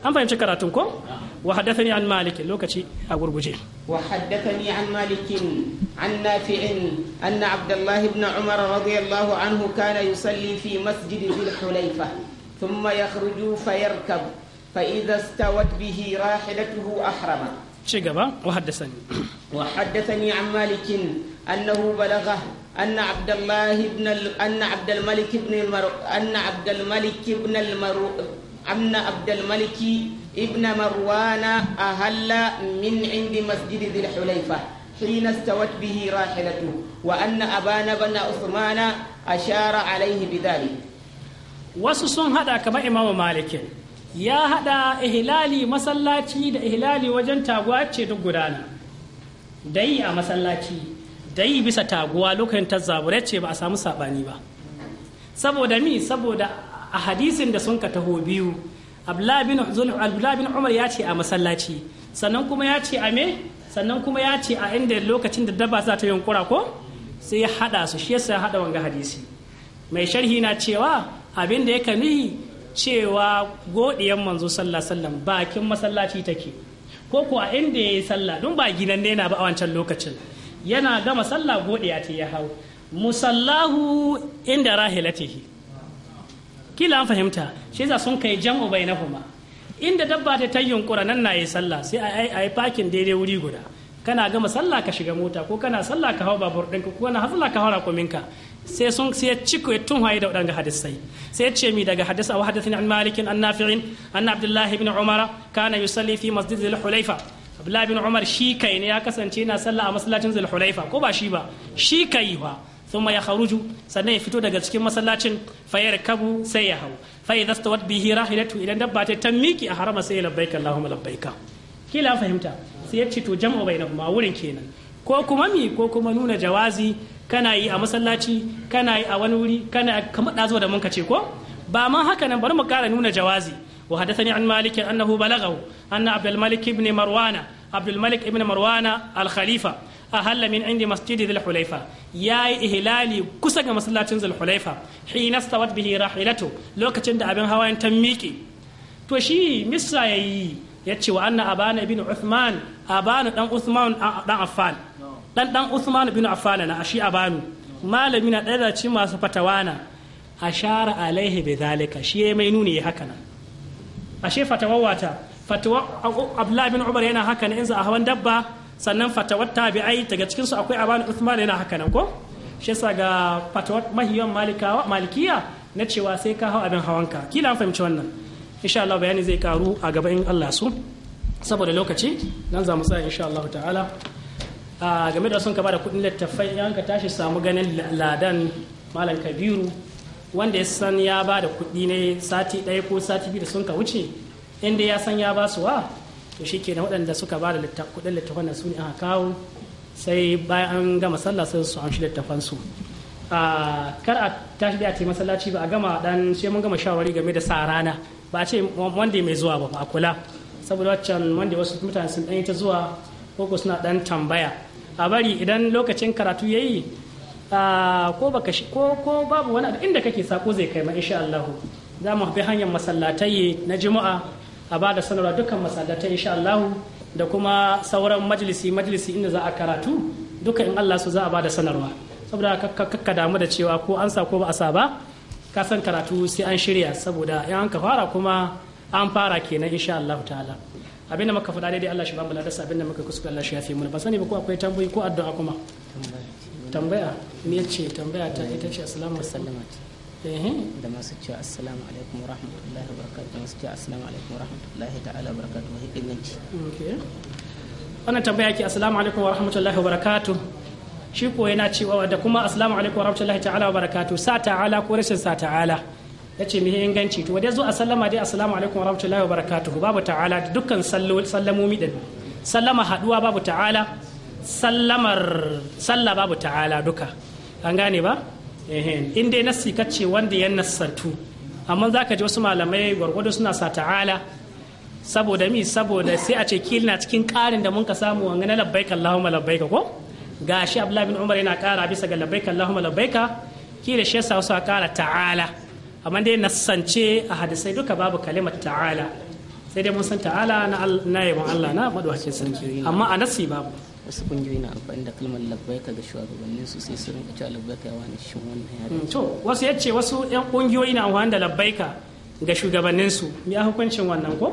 an fahimci karatun ko wa haddathani an maliki lokaci a gurguje wa haddathani an malik an nafi'in anna abdullahi ibn umar radiyallahu anhu kana yusalli fi masjid dhul hulayfa thumma yakhruju fayarkab fa idha istawat bihi rahilatuhu ahrama ci gaba wa haddathani wa haddathani an malik annahu balagha أن عبد الله بن ال... أن عبد الملك بن المر... أن عبد الملك بن المر... Amna Abdelmalik Ibn Marwa na a hala Min'indi Masjidin Likulafa, rinasta watu bihi raƙe na tuwo Wa'an abana bana usumana ashara alaihi bid'a. Wasu sun haɗa kama Imawa Malik ya haɗa ihlali masallaci da ihlali wajen taguwa yace duk guda na, dai a masallaci dai bisa taguwa lokacin ta zabu ce ba a samu saɓani ba, saboda mi saboda. a hadisin da sun ka taho biyu abdullahi bin umar ya ce a masallaci sannan kuma ya ce a me sannan kuma ya ce a inda lokacin da dabba za ta yunkura ko sai ya hada su shi yasa ya hada wanga hadisi mai sharhi na cewa abin da yake nihi cewa godiyan manzo sallallahu sallam bakin masallaci take ko ko a inda yayi sallah don ba gidan ne na ba a wancan lokacin yana gama sallah godiya ta ya hau musallahu inda rahilatihi kila an fahimta shi yasa sun kai jam'u bainahuma inda dabba ta yi yunkura nan na yi sallah sai a yi fakin daidai wuri guda kana gama sallah ka shiga mota ko kana sallah ka hau babur ɗinka ko kana sallah ka hau rakuminka sai sun sai ya tun waye tunhaye da waɗanga hadisai sai ya ce mi daga hadis aw hadathani an malikin an nafi'in anna abdullahi ibn umara kana yusalli fi masjid al abdullahi ibn umar shi kai ne ya kasance yana sallah a masallacin zulhulaifa ko ba shi ba shi kai ba thumma yakhruju sannan ya fito daga cikin masallacin kabu sai ya hau fa idza stawat bihi rahilatu idan dabba ta miki a harama sai labbaika allahumma labbaika kila fahimta sai ya ce to jam'u bainahuma wurin kenan ko kuma mi ko kuma nuna jawazi kana yi a masallaci kana yi a wani wuri kana kamar da zo da mun ce ko ba ma haka nan bari mu kara nuna jawazi وحدثني عن an أنه بلغه أن عبد الملك marwana مروان عبد ibn marwana al khalifa A min indi masjidi dhul hulaifa yayi ihilali kusa ga masallacin dhul hulaifa hina stawat bihi rahilatu lokacin da abin hawayen ta miƙe to shi misra yayi ya ce wa anna abana ibn uthman abana dan uthman dan affan dan dan uthman ibn affan na ashi abanu malami na ɗaya ci masu fatawana ashara alaihi bi zalika shi mai nuni haka nan ashe fatawawata fatawa abdullah bin umar yana haka ne in za a hawan dabba sannan fatawar tabi'ai daga cikin su akwai abani usman yana haka nan ko shi yasa ga fatawar mahiyan malikawa malikiya na cewa sai ka hau abin hawanka kila an fahimci wannan insha Allah bayani zai karu a gaba in Allah su saboda lokaci nan za mu sa insha Allah ta'ala a game da sun ka bada kudin littafai in ka tashi samu ganin ladan malam kabiru wanda ya san ya ba da kuɗi ne sati ɗaya ko sati biyu da sun ka wuce inda ya san ya ba su wa to shi kenan waɗanda suka ba da kuɗin littafan da su ne kawo sai bayan an gama sallah sai su amshi littafan su kar a tashi da a ce masallaci ba a gama dan sai mun gama shawari game da sa rana ba a ce wanda mai zuwa ba a kula saboda waccan wanda wasu mutane sun dan ta zuwa ko suna dan tambaya a bari idan lokacin karatu yayi ko baka ko ko babu wani inda kake sako zai kai ma insha Allah za mu bi hanyar masallatai na juma'a a ba da sanarwa dukkan masallatai insha Allah da kuma sauran majalisi majalisi inda za a karatu duka in Allah su za a ba da sanarwa saboda kakka damu da cewa ko an sa ko ba a sa ba ka san karatu sai an shirya saboda in an ka fara kuma an fara kenan insha Allah ta'ala abin da muka faɗa daidai Allah shi ba mu ladarsa abin da muka kuskure Allah shi ya fi mu ba sani ba ko akwai tambayi ko addu'a kuma tambaya ne ce tambaya ta ita ce assalamu alaikum Eh? da masu cewa assalamu alaikum wa rahmatullahi wa barakatuhu masu cewa assalamu alaikum wa rahmatullahi ta'ala wa barakatuhu inganci. wannan tambaya ke assalamu alaikum wa rahmatullahi wa barakatuhu shi ko yana cewa da kuma assalamu alaikum wa rahmatullahi ta'ala wa barakatuhu sa ta'ala ko rashin sa ta'ala ya mihi inganci to wadai zo a sallama dai assalamu alaikum wa rahmatullahi wa barakatuhu babu ta'ala da dukkan sallamomi din sallama haduwa babu ta'ala sallamar sallah babu ta'ala duka an gane ba in dai nassi ce wanda ya nassantu amma za ka ji wasu malamai gwargwado suna sa ta'ala saboda mi saboda sai a ce kil cikin karin da mun ka samu wanga na labbaika Allahumma labbaika ko gashi Abdullahi bin Umar yana kara bisa ga labbaika Allahumma labbaika kila shi yasa wasu kara ta'ala amma dai nassance a hadisai duka babu kalimar ta'ala sai dai mun san ta'ala na na yabon Allah na madawacin sarki amma a nassi babu wasu kungiyoyi na amfani da kalmar labbaika ga shugabannin su sai sun rinka cewa labbaika ya wani shin wannan ya hmm, to wasu ce wasu yan kungiyoyi na amfani da labbaika ga shugabannin su ya hukuncin wannan ko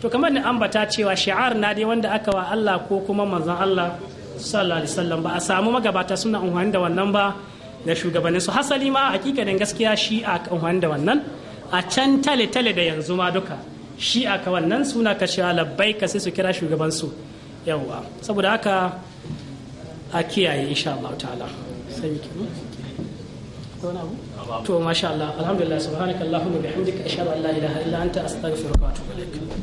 to kamar ni ambata cewa shi'ar na dai wanda aka wa Allah ko kuma manzon Allah sallallahu alaihi wasallam ba a samu magabata suna amfani da wannan ba ga shugabannin su hasali ma hakikanin gaskiya shi a amfani da wannan a can tale tale da yanzu ma duka shi aka wannan suna kashe labbaika sai su kira shugabansu su yawwa saboda haka a kiyaye insha Allah ta'ala sai miki hmm? to masha Allah alhamdulillah subhanakallahumma bihamdika ashhadu an la ilaha illa anta astaghfiruka wa atubu ilaik